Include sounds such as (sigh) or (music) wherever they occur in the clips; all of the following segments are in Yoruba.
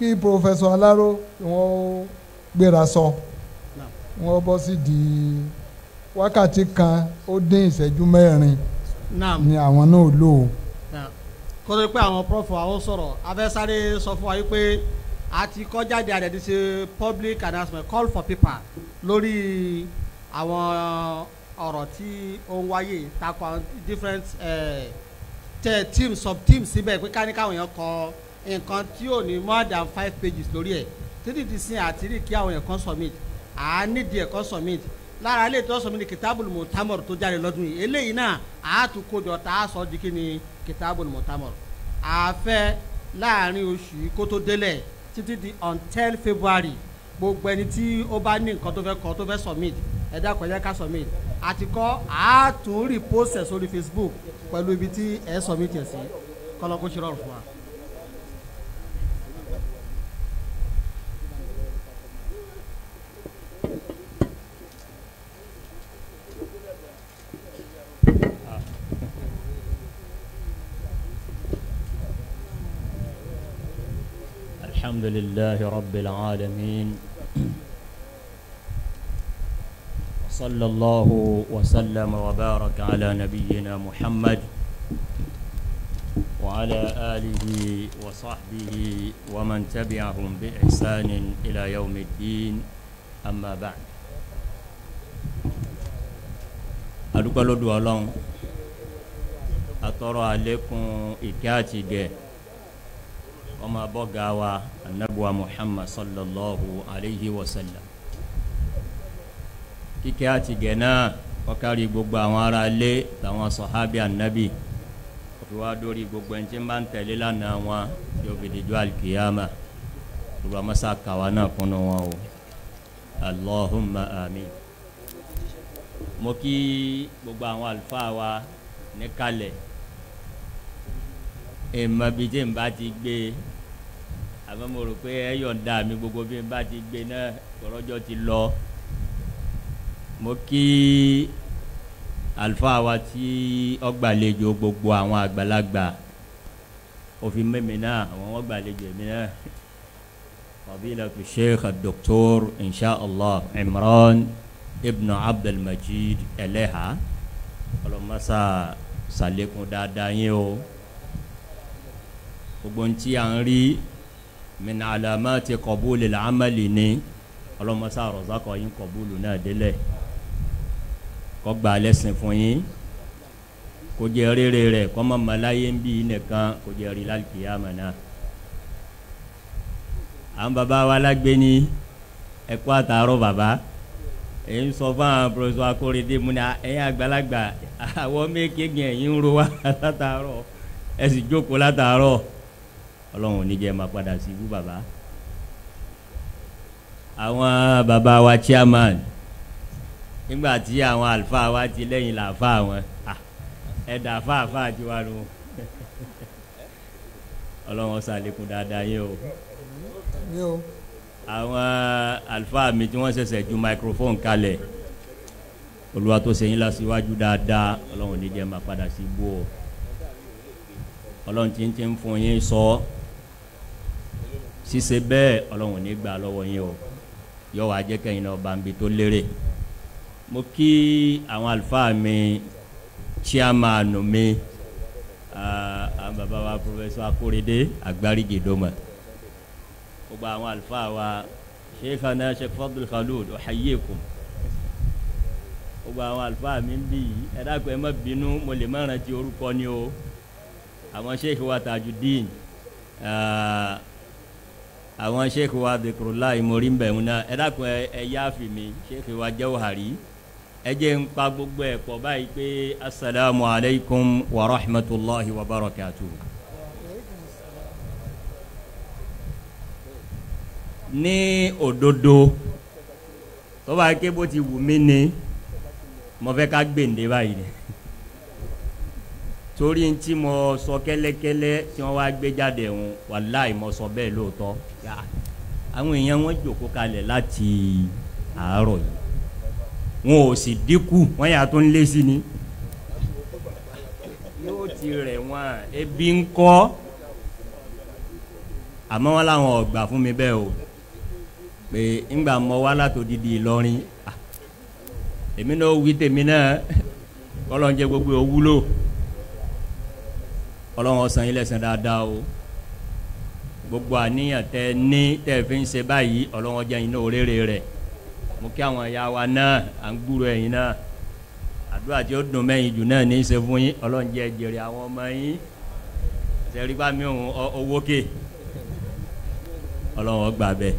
kí pòfẹ́sọ aláró wọ́n gbéra sọ wọ́n bọ́ sí di wákàtí kan ó dín ìṣẹ́jú mẹ́rin ni àwọn náà lò ó. kó tó di pé àwọn prof àwọn sọ̀rọ̀ abẹ́sáré sọ fún wa yìí pé a ti kọ́ jáde àdẹ̀dí public announcement call for paper lórí àwọn ọ̀rọ̀ tí ó ń wáyé takò àwọn different uh, eh, team sub team síbẹ̀ pé ká ní káwọn èèyàn kọ́ ọ nǹkan tí ò ní more than five pages lórí ẹ̀ títí ti sin àti rí kí àwọn ẹ̀kọ́ submit à á nídìí ẹ̀kọ́ submit lára ilé ìtọ́ submit kitabul mutamor tó jáde lọ́dún yìí eléyìí náà à á tún kójọ tá a sọ di kí ni kitabul mutamor àfẹ́ láàrin oṣù yìí kó tó délẹ̀ títí di until February gbogbo ẹni tí ó bá ní nǹkan tó fẹ́ kọ tó fẹ́ submit ẹ̀dá kọjá ká submit àti kọ́ àá tún repost ẹ̀ sórí Facebook pẹ̀lú ibi tí ẹ̀ submit ẹ̀ sí kọ́lọ́kó ṣe rọrùn fún wa. الحمد لله رب العالمين صلى الله وسلم وبارك على نبينا محمد وعلى آله وصحبه ومن تبعهم بإحسان إلى يوم الدين أما بعد أدوك الله ألون أترى عليكم إكاتي ọmọ bọ́gà wa anabuwa muhammad sallallahu alayhi wa sallam kíkẹ́ àti gẹ̀ẹ́nà kọ́kárí gbogbo àwọn ará ilé làwọn sọ̀hábì anabi òfin wa dórí gbogbo ẹni tí ń bá ń tẹ̀lé lánàá wọn yóò fi dìjọ́ alikiyama gbogbo amasa kàwa náà kúnnú wọn o allahumma amin mo kí gbogbo àwọn àlùfáà wa ní kalẹ̀ èèmọ̀ bíi tí n bá ti gbé àmọ́ mo rò pé ẹ yọ̀ǹda mi gbogbo bí n bá ti gbé náà kọ́rọ́jọ́ ti lọ mo kí àlùfáà wa tí ọgbàlejò gbogbo àwọn àgbàlagbà òfin mímí náà àwọn ọgbàlejò èmi náà fadilatu sheikh doctor inshàlá imran ibn abdulmajid eleha ọlọmọsà sàlékún dáadáa yín o gbogbo ntí à ń rí min alamati qabuli al-amali ni ọlọmọsá rọzákọ yín kọbúlù náà délẹ̀ kọgbà lẹsìn fún yín kò jẹ rere rẹ kọmọ malaye ń bí nìkan kò jẹ rí lálùkìyà mọnà àwọn baba wa lágbé ní ẹkọ àtàrọ baba èyí ń sọ fún àwọn pọrọsọ akóredé mu ní ẹ̀yin àgbàlagbà àwọn mékèèké ẹ̀yin ń ro wa (laughs) látàárọ̀ ẹ sì jókòó látàárọ̀ ọlọ́run ò ní jẹ́ máa padà sí ibú bàbá. àwọn bàbá wa chairman nígbà tí àwọn àlùfáà wa ti lẹ́yìn làáfáà wọn ẹ̀dà fáàfáà ti wà nù ọlọ́run ọ̀sà àlékún dáadáa yín o. àwọn àlùfáà mi tí wọ́n ṣẹ̀ṣẹ̀ ju microphone kalẹ̀ olúwa tó ṣe yín lásìwájú dáadáa ọlọ́run ò ní máa padà sí ibú o ọlọ́run ti ń ti ń fún yín sọ ṣíṣe bẹ́ẹ̀ ọlọ́run ní gbà lọ́wọ́ yín o yọ wá jẹ́ kẹ́yìn náà bambi tó lérè mo kí àwọn àlùfáà mi chairman mi àwọn bàbá wa professor Akórèdé Àgbáríjì dòmọ̀ gbogbo àwọn àlùfáà wa sheikhana sheikh Fadul Khalud ọ̀hayyekum gbogbo àwọn àlùfáà mi ń bì yìí ẹ dákun ẹ má bínú mo lè má rántí orúkọ ni o àwọn sheikh wa Tajudeen àwọn sheikh wa dhikrullah ìmọ̀rí ń bẹ̀ ń ná ẹ dákun ẹ yáàfì mi sheikh wa Jawhari ẹ jẹ́ ń pa gbogbo ẹ̀ pọ̀ báyìí pé asalaamu alaykum wa rahmatulahi wa barakatuh. ní òdodo tó bá ké bó ti wù mí ni mo fẹ́ ká gbèǹde báyìí torí ń tí mo sọ kẹ́lẹ́kẹ́lẹ́ tí wọ́n wá gbé jáde ń wàláì mo sọ bẹ́ẹ̀ lóòótọ́ àwọn èèyàn wọn jòkó kalẹ̀ láti àárọ̀ yìí wọn ò sì dínkù wọn yà tó ń lé sí ni yóò ti rẹ̀ wọ́n ebi ń kọ́ àmọ́ wọn làwọn ọ̀gbà fún mi bẹ́ẹ̀ o pé ńgbà mọ wá látò dídì Ìlọrin èmi náà wí tèmi náà kọ́lọ́njẹ gbogbo òwúlò ọlọ́run ọ̀sán yìí lẹ́sìn dáadáa o gbogbo àníyàn tẹ ní tẹ fi ń ṣe báyìí ọlọ́run jẹ́ iná òréré rẹ̀ mo kí àwọn ìyá wa náà à ń gbúrò ẹ̀yìn náà àdúrà tí ó dùn mẹ́yìn jù náà ní í ṣe fún yín ọlọ́run jẹ́ jèrè àwọn ọmọ yín ṣẹ̀rí bá mi òun owó ké ọlọ́run ọgbà bẹ́ẹ̀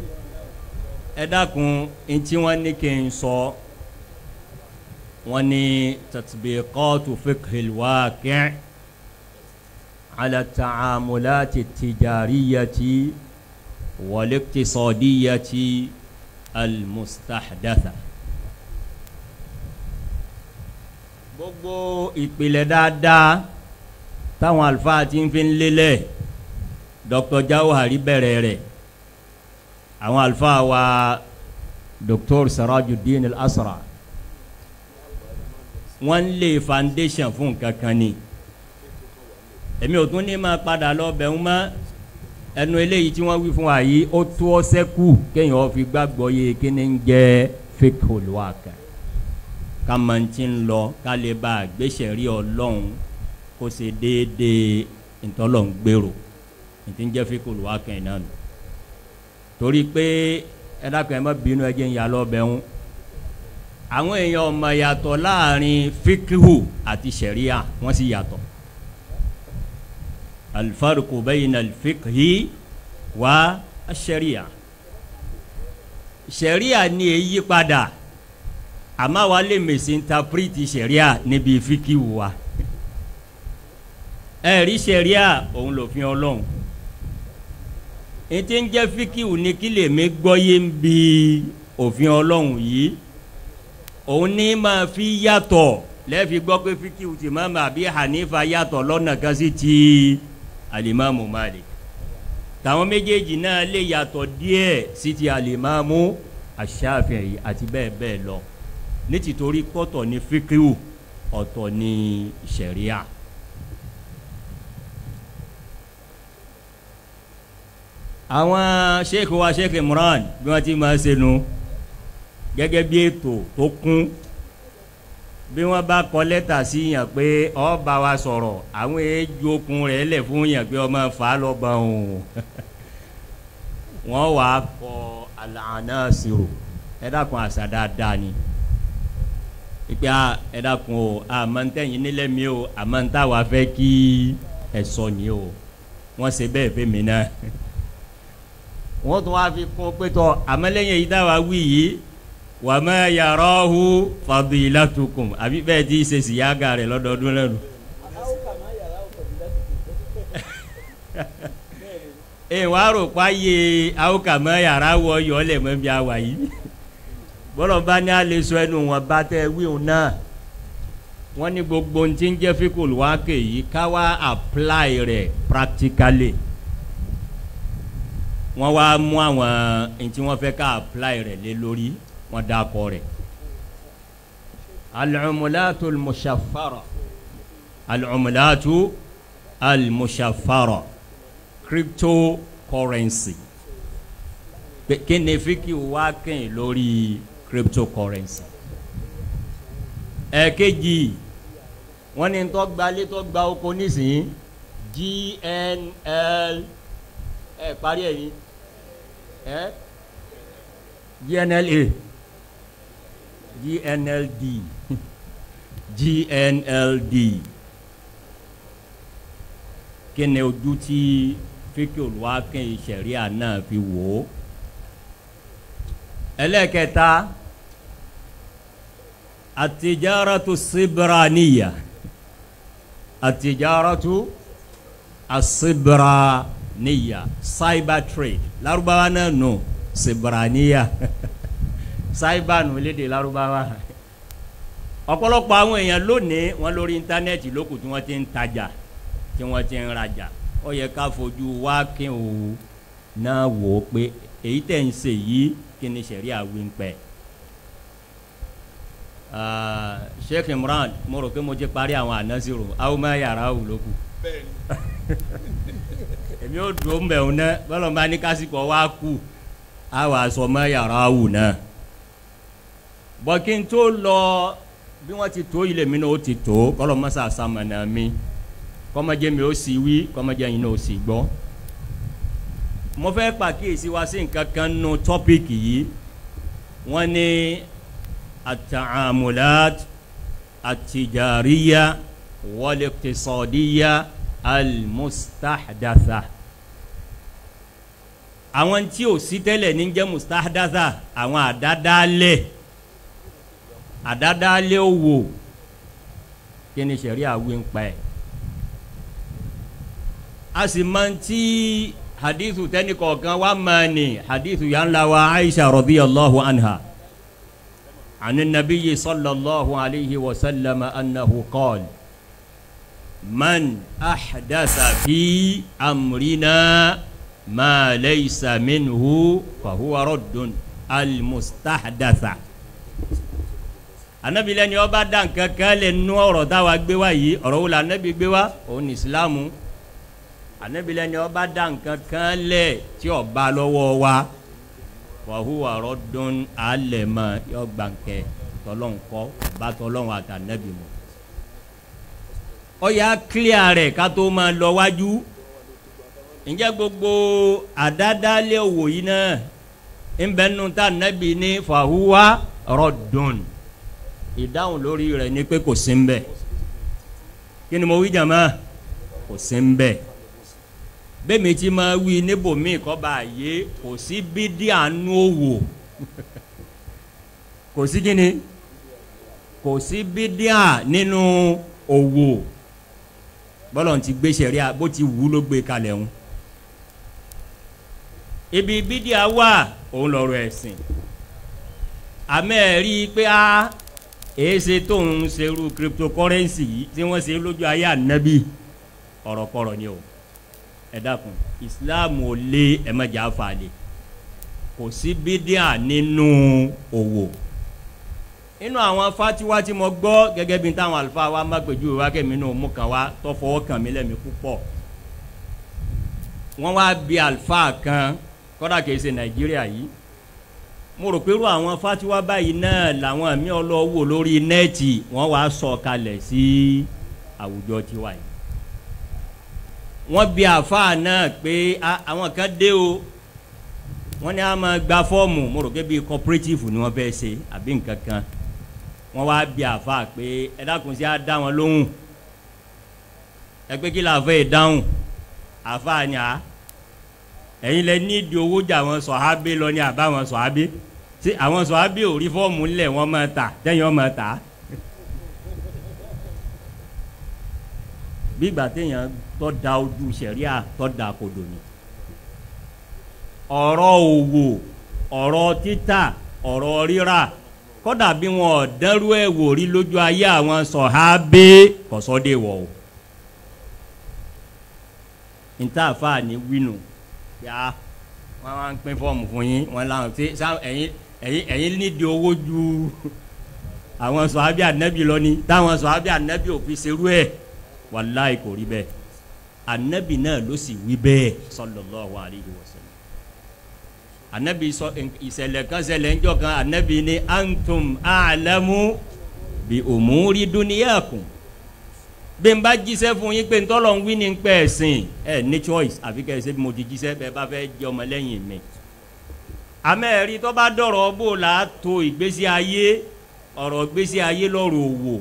ẹ dákun ntí wọ́n ní kí n sọ wọ́n ní tatbiqatu fiqhil waqi'. على التعاملات التجارية والاقتصادية المستحدثة gbogbo ìpìlẹ̀ dáadáa táwọn àlùfáà ti ń fi ń lélẹ̀ Dr. Jawahari bẹ̀rẹ̀ rẹ̀ àwọn àlùfáà wa Dr. Sirajuddin asra wọ́n ń foundation fún nǹkan ni èmi ò tún ní máa padà lọ bẹ̀rù mọ́ ẹnu eléyìí tí wọ́n wí fún wa yìí ó tó ọsẹ́ kù kéèyàn ó fi gbàgbọ́ yé kíni ń jẹ́ fíkòlù àkà ká mọ̀ ní ti ń lọ ká lè bá àgbéṣẹ́ rí ọlọ́run kó ṣe déédéé ìtọ́lọ̀ ń gbèrò ìtí ń jẹ́ fíkòlù àkà náà nù torí pé ẹ dákun ẹ bínú ẹ ń yà lọ bẹ̀rù àwọn èèyàn ọmọ yàtọ̀ láàrin fíkìhù àti ṣẹ̀ríà wọ́n sì yàtọ̀ alifariku bayna alifikihi wa sẹríya sẹríya ni e yí padà àmọ́ wa lè mèsì ntapiriti sẹríya níbi fíkìwù wa ẹ̀rí sẹríya òun lòfin ọlọ́run ètí ń jẹ́ fíkìwù ni kí lèmi gbọ́yé ń bi òfin ọlọ́run yìí òun ní máa fi yàtọ̀ lẹ́ẹ̀fi gbọ́ pé fíkìwù ti máa mà bí Hanifa yàtọ̀ lọ́nà kan sí Si alimamu malik tàwọn méjèèjì náà lè yàtọ̀ díẹ̀ sí ti alimamu aṣáfẹ̀yì àti bẹ́ẹ̀ bẹ́ẹ̀ lọ ní tìtorí pọ̀tọ̀ ní fíkíù ọ̀tọ̀ ní ṣẹ̀ríà. àwọn sheikh wa sheikh imran bí wọ́n ti máa ṣe nu gẹ́gẹ́ bí ètò tó kún bí wọ́n bá kọ lẹ́tà sí yàn pé ó bá wa sọ̀rọ̀ àwọn èèjì okun rẹ̀ lẹ̀ fún yàn pé ọmọ fà á lọ́ba òun (laughs) wọ́n wà á kọ àlànà sírò ẹ àṣà dáadáa ni pípẹ́ à ẹ dákun o àmọ́ ń tẹ̀yìn nílẹ̀ mi o àmọ́ ń táwa kí ẹ ni o wọ́n ṣe bẹ́ẹ̀ fẹ́ mi náà (laughs) wọ́n tún wá fi kún pé tọ́ àmọ́ lẹ́yìn èyí táwa wí yìí wa ma yarahu fadilatukum àbí bẹ́ẹ̀ tí ṣe sì yága rẹ̀ lọ́dọọdún lẹ́nu. (laughs) ẹ wàá rò pa yé àwòkàmọ́ yàrá wọ yọ̀ọ́lẹ̀ mọ́ bí yìí bọ́lọ̀ bá ní a sọ ẹnu wọn bá tẹ wíwù náà wọ́n ní gbogbo ohun tí ń jẹ́ fíkùl wá kè yìí ká wá apply rẹ̀ practically wọ́n wá mú àwọn ohun tí wọ́n fẹ́ ká apply rẹ̀ lé lórí wọ́n dákọ rẹ̀ al'umulatu al-mushaffara al'umulatu al-mushaffara cryptocurrency kí ni fíkì wá kẹ́yìn lórí cryptocurrency ẹ̀ẹ́kejì wọ́n ní tó gba lé tó gba oko nísìnyí GNL ẹ̀ parí ẹ̀ ní ẹ̀ GNLA. GNLD GNLD (laughs) kí ni ojú tí fíkì olùwàkìn ìṣẹ̀ríà náà fi wò ó ẹlẹ́kẹta àtijáratù síbraniya àtijáratù asíbraniya cyber trade lárúbáwá náà nù síbraniya. No. (laughs) sáíbàánù lédè lárúbáwá ọ̀pọ̀lọpọ̀ àwọn èèyàn lónìí wọn lórí íńtánẹ́ẹ̀tì lókùn tí wọ́n ti ń tajà tí wọ́n ti ń rajà ó yẹ ká fojú wá kí n ò náà wò ó pé èyí tẹ̀ ń ṣe yìí kí ni sẹ̀rí àwìn pẹ̀. Sheikh Imran mo rò pé mo ti parí àwọn ànásìrò àwọn ọmọ yàrá òun ló èmi ò dùn ó mbẹ̀ òun náà bọ́lọ̀ bá ní kásìkò wá kù àwọn àṣọ yàrá òun náà bọ̀kí n tó lọ bí wọ́n ti tó ilé mi náà ó ti tó kọ́lọ́ mọ́sá sàmànà mi kọ́mọdé mi ó sì wí kọ́mọdé yìí náà ó sì gbọ́. mo fẹ́ pàkíyèsí wa sí nǹkan kan nu tọ́píìkì yìí wọ́n ní àtàmùlát àtìjàríyá wọ́lẹ̀tìsọ̀díyá almustahdatha àwọn tí ò sí tẹ́lẹ̀ ní jẹ́ mustahdatha àwọn àdádálẹ̀ àdádálé òwò kí ni sẹ̀rí àwìn pa ẹ̀ a sì máa ń tí hadithu tẹ́ni kọ̀ọ̀kan wá máa nì hadithu yà ń la wa aisha radiyallahu anha عن النبي صلى الله عليه وسلم أنه قال من أحدث في أمرنا ما ليس منه فهو رد المستحدث anabi lẹni ọba dá nǹkan kan lè nu ọ̀rọ̀ táwa gbé wá yìí ọ̀rọ̀ wo la anabi gbé wá òun ní isilamu anabi lẹni ọba dá nǹkan kan lẹ tí ọba lọ́wọ́ wa wàhùwà rọdún alẹ mọ yọ gbàǹkẹ tọlọ́n kọ́ ọba tọlọ́n àtànẹ́bì mọ́ ọyà kílíà rẹ̀ ká tó máa lọ wájú ǹjẹ́ gbogbo àdádálẹ̀ òwò yìí náà ń bẹ́ẹ̀ nù tá ànẹ́bì ní fàhùwà ìdáhùn lórí rẹ̀ ni pé kò sí ń bẹ̀ kí ni mo wí jàmá kò sí ń bẹ̀ bẹ́ẹ̀ mi ti máa wí níbòmíì kọ́ bá a yé kò sí bídí àánú òwò kò sí kí ni kò sí bídíà nínú òwò bọ́lọ̀ ti gbé sẹ̀ríà bó ti wù ló gbé kalẹ̀ ń. ibi bídíà wà òun lọ́rọ̀ ẹ̀sìn àmẹ́ pé a ah, èéṣe tóun ṣerú cryptocurrency yìí tí wọ́n ṣe lójú ayé ànábì ọ̀rọ̀kọ̀rọ̀ ni o ẹ dákun Islam ò lé ẹ̀mẹ́jà fàlẹ̀ kò sí bídíà nínú òwò nínú àwọn fatiwa tí mo gbọ́ gẹ́gẹ́ bí táwọn àlùfáà wa mágbèjú wa kẹ́mi náà mú kan wa tó fọwọ́ kàn mí lẹ́mí púpọ̀ wọ́n wá bí àlùfáà kan kọ́dà kìí ṣe Nàìjíríà yìí mo rò pé irú àwọn fatiwa báyìí náà làwọn mi ọlọ́wọ́ lórí nẹ́ẹ̀tì wọ́n wàá sọ kalẹ̀ sí àwùjọ tiwa yìí wọ́n bi àfáà náà pé àwọn kan dé o wọ́n ní a máa gba fọ́ọ̀mù mo rò pé bíi cooperative ni wọ́n fẹ́ ṣe àbí nǹkan kan wọ́n wá bi àfáà pé ẹ dákun sí á dá wọn lóhùn ẹ pé kí la fẹ́ ìdáhùn àfáà ni a ẹ̀yin lẹ ní ìdí owó jà wọn sọ̀hábé lọ ní àbá wọn sọ̀hábé. So sí àwọn sọ abẹ́ òrí fọ́ọ̀mù ńlẹ̀ wọ́n máa tà tẹ́yìn wọ́n máa tà á. bí ìgbà téèyàn tó da ojú sẹ̀ríà tó da kodò ni ọ̀rọ̀ òwò ọ̀rọ̀ títà ọ̀rọ̀ rírà kódà bí wọn ò dẹ́rú ẹ̀ wò rí lójú ayé àwọn sọ̀hábé kọ̀sọ́dẹ̀wọ̀ o ntaafaa ni winu ya wọn wá ń pín fọ́ọ̀mù fún yín wọn làwọn ṣe ẹ̀yin ẹ̀yin nídìí owó ju àwọn sọ̀hábí ànábì lọ ni táwọn sọ̀hábí ànábì ò fi ṣerú ẹ̀ wàláì kò rí bẹ́ẹ̀ ànábì náà ló sì wí bẹ́ẹ̀ sallallahu alaihi wasallam ànábì sọ ìṣẹ̀lẹ̀ kan ṣẹlẹ̀ ńjọ́ kan ànábì ní antum a'lamu bi umuri duniyakum bí n bá jíṣẹ́ fún yín pé ntọ́lọ́ ń wí ní pẹ́ẹ́sìn ẹ̀ choice àfi kẹ́ ẹ mo ti jíṣẹ́ bẹ́ẹ̀ bá fẹ́ jẹ́ ọmọlẹ́yìn mi amẹ́rí tó bá dọ̀rọ̀ bó la to ìgbésí ayé ọ̀rọ̀ ìgbésí ayé lọ́rọ̀ òwò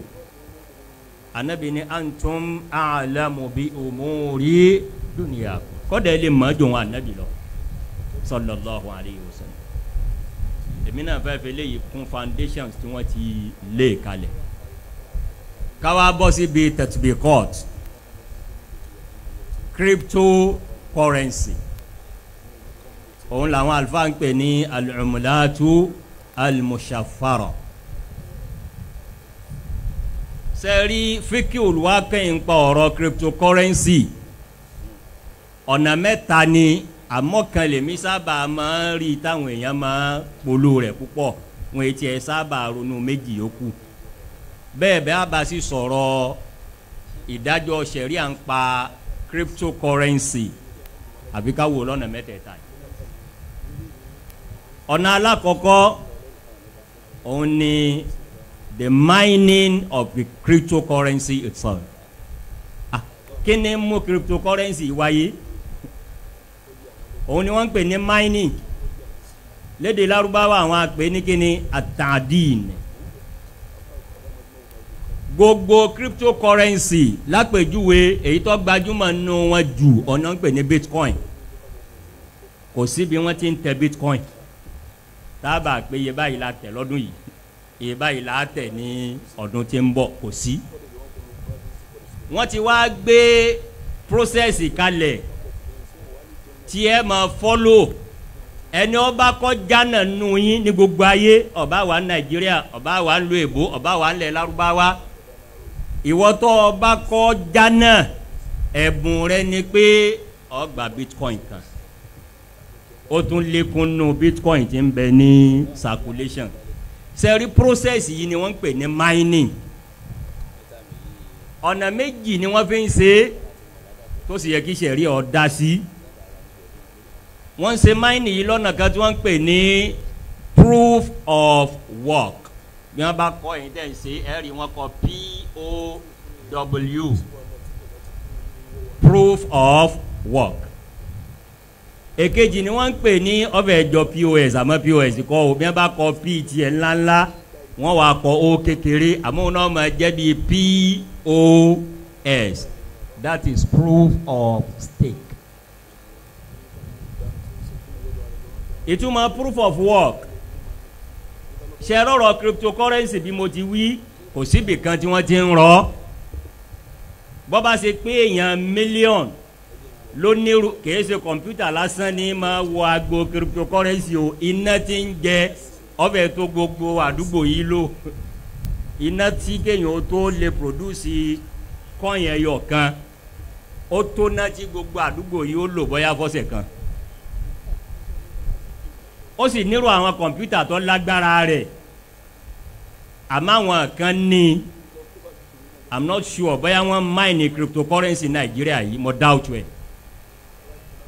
anabi ni antum alamu bi umuri dunia kọ́dà ilé mọ́jọ́ wọn anabi lọ sallallahu alayhi wa sallam èmi náà fẹ́ fẹ́ léyìí kún foundations tí wọ́n ti lé e kalẹ̀ káwa bọ́ síbi Crypto currency òun làwọn àlùfáà ń pè ní al-umlatu al-mushaffara sẹ́rí fíkì olùwákẹ́yìn pa ọ̀rọ̀ cryptocurrency ọ̀nà mẹ́ta ni àmọ́ kan lèmi sábà máa ń rí táwọn èèyàn máa polo rẹ̀ púpọ̀ wọn etí ẹ sábà ronú méjì yòókù bẹ́ẹ̀ bẹ́ẹ̀ bá sì sọ̀rọ̀ ìdájọ́ ṣẹ̀ríà ń pa cryptocurrency àbí lọ́nà mẹ́tẹ̀ẹ̀ta yìí ọ̀nà alákọ̀ọ́kọ́ òun ni the mining of the cryptocurrency itself ah kí ni mú cryptocurrency wáyé òun ni wọ́n ń pè ní mining lédè lárúbáwá àwọn àpè ní kí ni atadin gbogbo cryptocurrency lápèjúwe èyí tó gbajúmọ̀ nínú wọn jù ọ̀nà ń pè ní bitcoin kò sí bí wọ́n ti ń tẹ bitcoin tábà pé iye báyìí la tẹ̀ lọ́dún yìí iye báyìí la tẹ̀ ní ọdún tí ń bọ̀ kò sí. wọ́n ti wá gbé prósẹ́sì kalẹ̀ tí ẹ máa fọ́lò ẹni ọba kọjá náà nù yín ní gbogbo ayé ọba wa nàìjíríà ọba wa ń lo èbó ọba wa ń lẹ lárúbáwá ìwọ́tọ̀ ọba kọjá náà ẹ̀bùn rẹ ni pé ó bitcoin kan ó tún lékún nù bitcoin ti ń bẹ ní circulation sẹ́rí process yìí ni wọ́n pè ní mining ọ̀nà méjì ni wọ́n fi ń ṣe tó sì yẹ kí sẹ̀rí ọ̀ sí wọ́n ṣe mining yìí lọ́nà kan tí wọ́n pè ní proof of work bí wọ́n bá kọ́ ẹ̀yin tẹ̀ ń ṣe ẹ̀rí wọn kọ p o w proof of work èkejì ni wọ́n ń pè ní ọbẹ̀ ẹ̀jọ pos àmọ́ pos kọ́ o bí wọ́n bá kọ p tiẹ̀ ńláńlá wọ́n wàá kọ o kékeré àmọ́ wọn náà máa jẹ́ bí pos that is proof of stake. ìtumọ̀ proof of work ṣe rọrọ cryptocurrency bí mo ti wí kò síbìkan tí wọ́n ti ń rọ bọ́ bá ṣe pé èèyàn mílíọ̀nù lónírú kìí ṣe kọ̀mpútà lásán ní máa wọ agbo cryptocurrency o iná ti ń jẹ ọbẹ̀ tó gbogbo àdúgbò yìí lò iná tí kéèyàn tó lè produce coin ẹyọ kan ó tó ná tí gbogbo àdúgbò yìí ó lò bóyá fọ́sẹ̀ kan ó sì nírú àwọn kọ̀mpútà tó lágbára rẹ̀ àmọ́ àwọn kan ní i'm not sure bóyá wọ́n mine cryptocurrency nàìjíríà yìí mo doubt it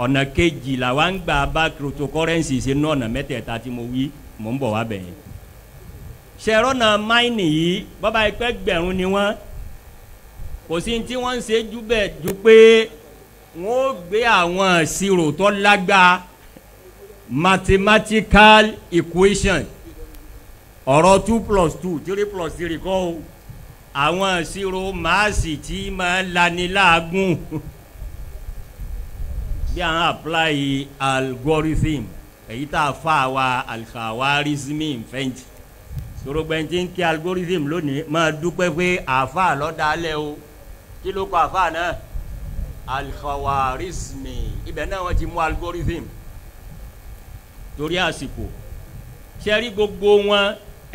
ọ̀nà kejì la wa ń gbà bá cryptocurrency ṣe ní ọ̀nà mẹ́tẹ̀ẹ̀ta tí mo wí mò ń bọ̀ wá bẹ̀ yẹn ṣẹ̀rọ̀ náà máìnì yìí bọ́ba ìpẹ́ gbẹ̀rún ni wọ́n kò sí tí wọ́n ń ṣe jù bẹ́ẹ̀ ju pé wọ́n ó gbé àwọn ìṣirò tó lágbàá mathematical equation ọ̀rọ̀ two plus two three plus three kọ́ o àwọn ìṣirò máàsì tí máa ń lani (laughs) bí a ń apply algorithm èyí tá a fa wa alikawarizmi fẹ́ǹtì sorogbẹ́ntì ń kí algorithm lónìí máa dúpẹ́ pé àfa lọ́dàálẹ̀ o kí ló kọ àfa náà alikawarizmi ibẹ̀ náà wọ́n ti mú algorithm torí àsìkò sẹ́rí gbogbo wọn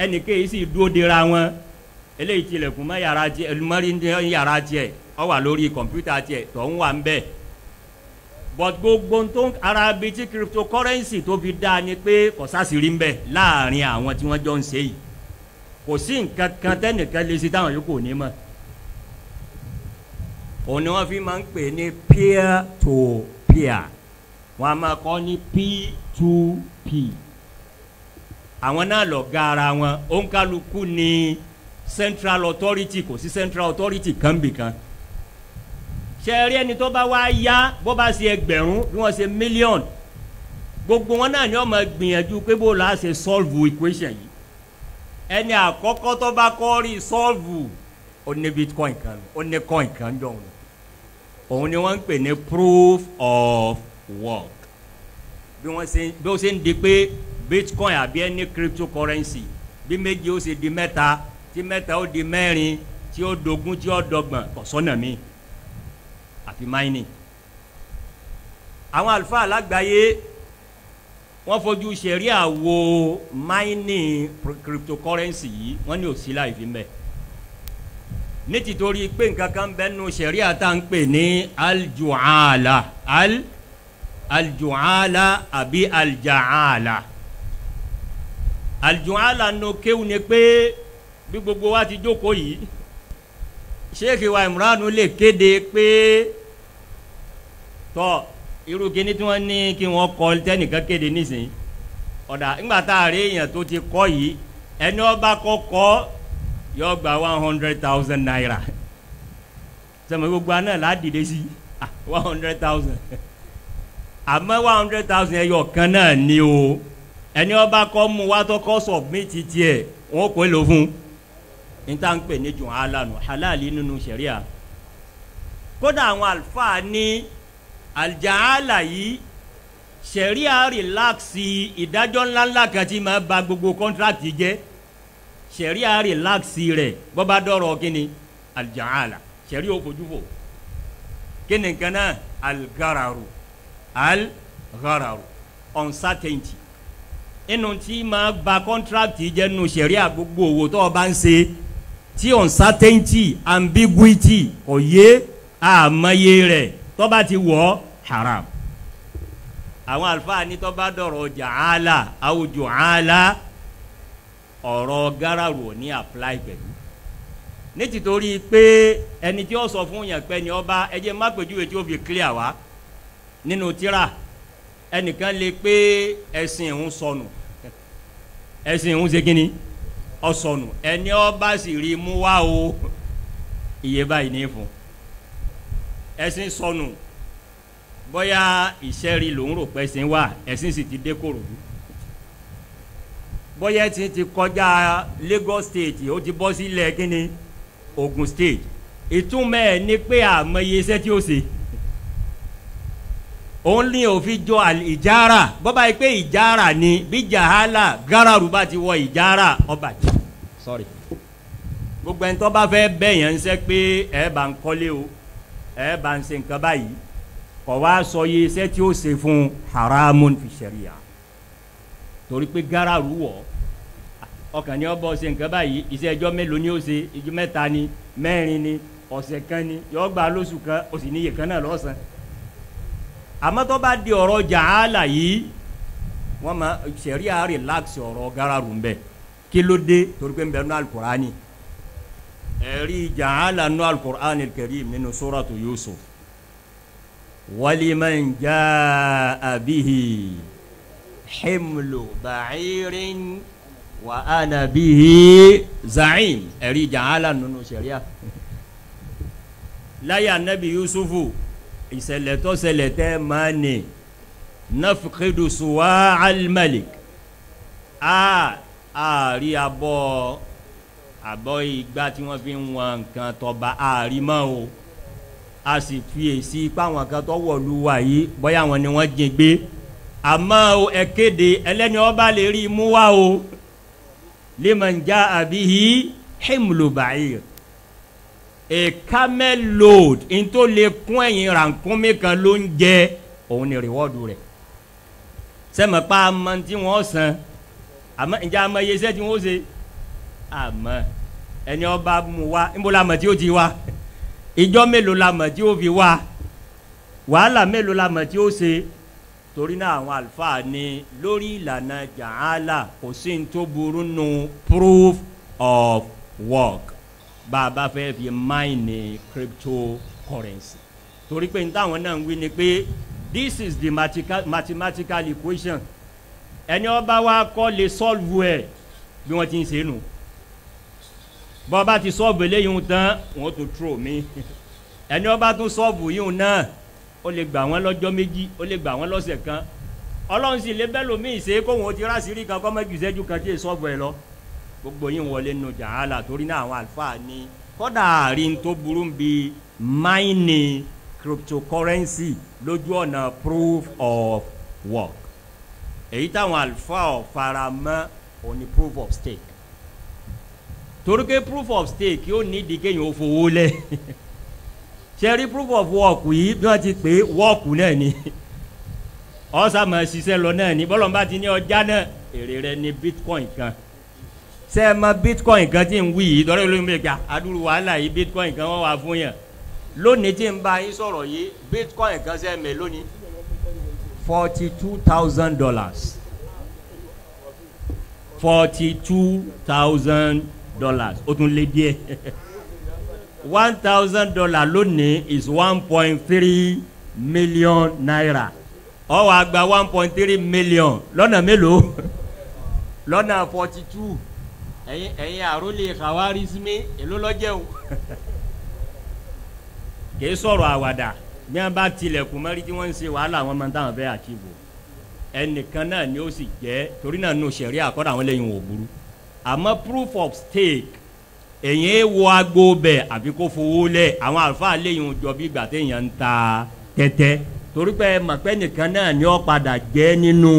ẹnìkéyìí sì dúró dira wọn eléyìí tilẹ̀kùn mọ́ yàrá tiẹ̀ mọ́rí yàrá tiẹ̀ ó wà lórí kọ̀ǹpútà tiẹ̀ tó ń wà ń bẹ́ẹ̀ but gbogbo tó ara bíi ti cryptocurrency tó fi dáa ni pé kò sásìrí ń bẹ láàrin àwọn tí wọ́n jọ ń ṣe yìí kò sí nǹkan kan tẹ́nìkan lè ṣe táwọn yòókù ò ní mọ̀ òun ni wọ́n fi máa ń pè ní peer to peer wọ́n a máa kọ́ ní p2p àwọn náà lọ ga ara wọn òǹkàlùkù ní central authority kò sí central authority kan bìkan ṣe rí ẹni tó bá wá yá bó bá ṣe ẹgbẹ̀rún bí wọ́n ṣe mílíọ̀nù gbogbo wọn náà ni wọ́n máa gbìyànjú pé bó la ṣe sọ́ọ̀vù equation yìí ẹni àkọ́kọ́ tó bá kọ́ rí sọ́ọ̀vù ó ní bitcoin kan ó ní coin kan jọ òun òun ni wọ́n ń pè ní proof of work bí wọ́n ṣe bí ó ṣe ń di pé bitcoin àbí ẹni cryptocurrency bí méjì ó ṣe di mẹ́ta tí mẹ́ta ó di mẹ́rin tí ó dogun tí ó dọ́gbọ̀n kò sọ́nà àfi mining àwọn àlùfáà lágbàáyé wọ́n fojú sẹ̀ríà wo mining cryptocurrency yìí wọ́n ní òsì láì fi mbẹ́ ní tìtorí pé nǹkan kan bẹ́ẹ̀ nu sẹ̀ríà tá ń pè ní aljuala al aljuala àbí aljaala aljuala no kéwù ni pé bí gbogbo wa ti jókòó yìí Sheikh wa Imran lè kéde pé. tọ́ irú kíní tí wọ́n ní kí wọ́n kọ́ tẹ́nìkan kéde nísìnyí ọ̀dà ńgbà tá a rí èèyàn tó ti kọ́ yìí ẹni ọba kọ́kọ́ yọ gba one hundred thousand naira sọmọ gbogbo aná là á dìde sí one hundred thousand àmọ́ one hundred thousand ẹyọ kan náà ni o ẹni ọba kọ mu wá tó kọ́ sọ̀bìtì tiẹ̀ wọ́n kò lò fún un níta ń pè ní jùn alanu halali nínú sẹ̀ríà kódà àwọn àlùfáà ni. aljahala yìí sẹ̀ríà rìláàksì ìdájọ́ ńláńlá kan tí máa ba gbogbo kọ́ńtrákì jẹ́ sẹ̀ríà rìláàksì rẹ̀ bọ́ba dọ̀rọ̀ kíni aljahala sẹ̀ríà òfojú fò kíni náà algararu algararu uncertainty inú tí máa ba kọ́ńtrákì jẹ́ nu sẹ̀ríà gbogbo òwò tó o bá ń ṣe tí uncertainty ambiguity òye àmọye rẹ̀ tó bá ti wọ̀ ọ́ haram àwọn àlùfáà ní tó bá dọ̀rọ̀ jàálà àwùjọ àálà ọ̀rọ̀ gáràrú ò ní apply pẹ̀lú ní tìtorí pé ẹni tí ó sọ fún yàn pé ni ọba ẹjẹ má pèjúwe tí ó fi clear wá nínú tíra ẹnìkan lè pé ẹ̀sìn ìhun sọnù ẹ̀sìn ìhun ṣe kínní ọsọnù ẹni ọba sì rí mú wá o iye báyìí ní fún ẹ̀sìn sọnù bóyá ìṣẹ́rí lòún rò pé ẹ̀sìn wà ẹ̀sìn sì ti dé kòròdú bóyá ẹ̀sìn ti kọjá Lagos state ó ti bọ́ sílẹ̀ kínní Ogun state ìtumọ̀ ẹ̀ ni pé àmọye iṣẹ́ tí ó ṣe òun ní òfin jọ ìjára bọ́bá yìí pé ìjára ni bí jahala gararu bá ti wọ ìjára ọba jù sorry gbogbo ẹni tó bá fẹ́ bẹ̀yàn ń sẹ́ pé ẹ̀ bá ń kọ́lé o ẹ̀ bá ń ṣe nǹkan báyìí kò wá sọ yìí iṣẹ́ tí ó ṣe fún haramun fi ṣẹ̀ríà torí pé gararu wọ̀ ọkàn ni ó bọ̀ ṣe nǹkan báyìí iṣẹ́ ẹjọ́ mélòó ni ó ṣe ijọ́ mẹ́ta ni mẹ́rin ni ọ̀sẹ̀ kan ni yọ gba lóṣù kan ó sì níye kan náà lọ́sàn àmọ́ tó bá di ọ̀rọ̀ jàálà yìí wọ́n ma ṣẹ̀ríà relax ọ̀rọ̀ gararu ń bẹ̀ kí ló dé torí pé ń bẹ nú alukurani ẹ̀rí jàálà nú alukurani kẹrìm nínú suratu Yusuf waliman jaa bihi himlu ba'irin wa ana bihi za'im ẹ̀rí jaala nínú sẹ̀ríà láyé anabi yusufu ìṣẹ̀lẹ̀ tó ṣẹlẹ̀ tẹ́ máa ní nafikidu suwa alimalik a àárí abọ́ abọ́ ìgbà tí wọ́n fi ń wọn nǹkan tọba àárí mọ́ o a sì fiyèsí páwọn kan tó wọ̀lú wa yìí bóyá wọn ni wọ́n jìn gbé àmọ́ o ẹ kéde ẹlẹ́ni ọba lè rí i mú wá o liman jaa bihi himlu a camel load ntó lè kún ẹ̀yìn rànkúnmí kan ló ń jẹ òun ni rìwọ́ọ̀dù rẹ̀ sẹ́mi pa amọ̀ tí wọ́n san àmọ́ ǹjẹ́ amọ̀ yẹsẹ́ tí wọ́n ṣe àmọ́ ẹni ọba mu wa ńbọ́lá amọ̀ tí ó ti wa ìjọ mélòó la mọ̀ tí ó fi wá wàhálà mélòó la mọ̀ tí ó ṣe torí náà àwọn àlùfáà ni lórí ìlànà jàǹhálà kò sí ní tó burú nu proof of work bá a bá fẹ́ fi máìnì cryptocurrency torí pé ní táwọn náà ń wí ni pé this is the mathematical equation ẹni ọba wa kọ́ lè solve ẹ̀ bí wọ́n ti ń ṣe nù. No bọ́n bá ti sọ́ọ̀bù eléyìí ń tán wọ́n tún tró mi ẹni wọ́n bá tún sọ́ọ̀bù yìí náà ó lè gbà wọ́n lọ́jọ́ méjì ó lè gbà wọ́n lọ́sẹ̀ kan ọlọ́run sì lé bẹ́ẹ̀ lómi ìṣe kó wọn ti rásìrí kan kọ́ mẹ́jù sẹ́jú kan tí sọ́ọ̀bù ẹ lọ gbogbo yìí wọlé nu jàhálà torí náà àwọn àlùfáà ni kọ́dà àárín tó burú bí mining cryptocurrency lójú ọ̀nà proof of work èyí táwọn àlùfáà ọ̀ fara mọ́ òní proof of stake torí proof of stake yóò ní ìdí kéèyàn ó fowó lẹ̀ ṣe rí proof of work yìí bí wọ́n ti pè é work náà ni ọ̀sà máa ṣiṣẹ́ lọ náà ni bọ́lọ̀ bá ti ní ọjà náà èrè rẹ ní bitcoin kan ṣe é mọ bitcoin kan tí ń wí yìí tọ́lá ìlú mi kà adúrú wàhálà yìí bitcoin kan wọ́n wà fún yàn lónìí tí ń bá yín sọ̀rọ̀ yìí bitcoin kan ṣe é mẹ́ lónìí forty two thousand dollars forty two thousand dollars O tun le die. one thousand dollar lónìí is one point three million naira ó wa gba one point three million lọ́nà mélòó (laughs) lọ́nà forty two ẹ̀yin ẹ̀yin àròlé kàwárísímì èló lọ́jẹ́ o (laughs) kìí sọ̀rọ̀ àwàdà bí wọ́n bá tilẹ̀kùn mẹ́rin tí wọ́n ń ṣe wàhálà wọn máa ń táwọn fẹ́ àtìbò ẹnìkan náà ni ó sì jẹ́ torí náà nù sẹ̀rí àkọ́dà àwọn eléyìí wò burú àmọ́ proof of stake èyàn wọ agbo bẹ̀ àfi kó fowó lẹ̀ àwọn àlùfáà léyìn òjò bí ìgbà téèyàn ń ta tẹ́tẹ́ torí pé náà ni padà jẹ́ nínú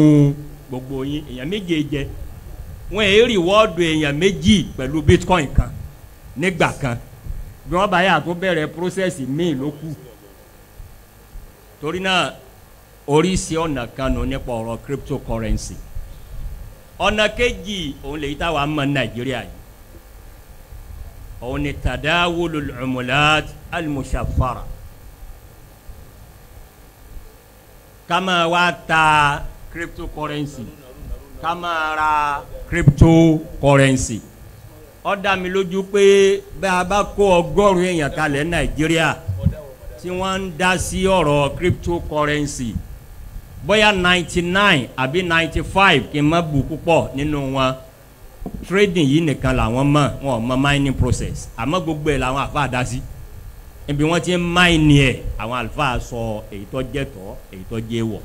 gbogbo yín èyàn méje jẹ wọn èyí rìwọ́ọ̀dù èyàn méjì pẹ̀lú bitcoin kan nígbà kan bí wọ́n bá yà tó bẹ̀rẹ̀ prósẹ́sì míì ló torí náà oríṣi ọ̀nà kan nù ọ̀nà kejì òun lè ta wà mọ nàìjíríà yìí òun ni tadawulul umulat almushafara kama wa ta cryptocurrency kama ra cryptocurrency ó dá mi lójú pé bá a bá kó ọgọ́rùn-ún èèyàn kalẹ̀ nàìjíríà tí wọ́n ń dá sí ọ̀rọ̀ cryptocurrency bóyá ninety nine àbí ninety five kì í má bù púpọ̀ nínú wọn trading yìí nìkan làwọn mọ̀ wọn mọ̀ mining process àmọ́ gbogbo ẹ̀ làwọn àfa dá sí ibi wọn ti ń mine ẹ̀ àwọn àlùfà sọ èyí tó jẹ́ tọ́ èyí tó jẹ́ wọ̀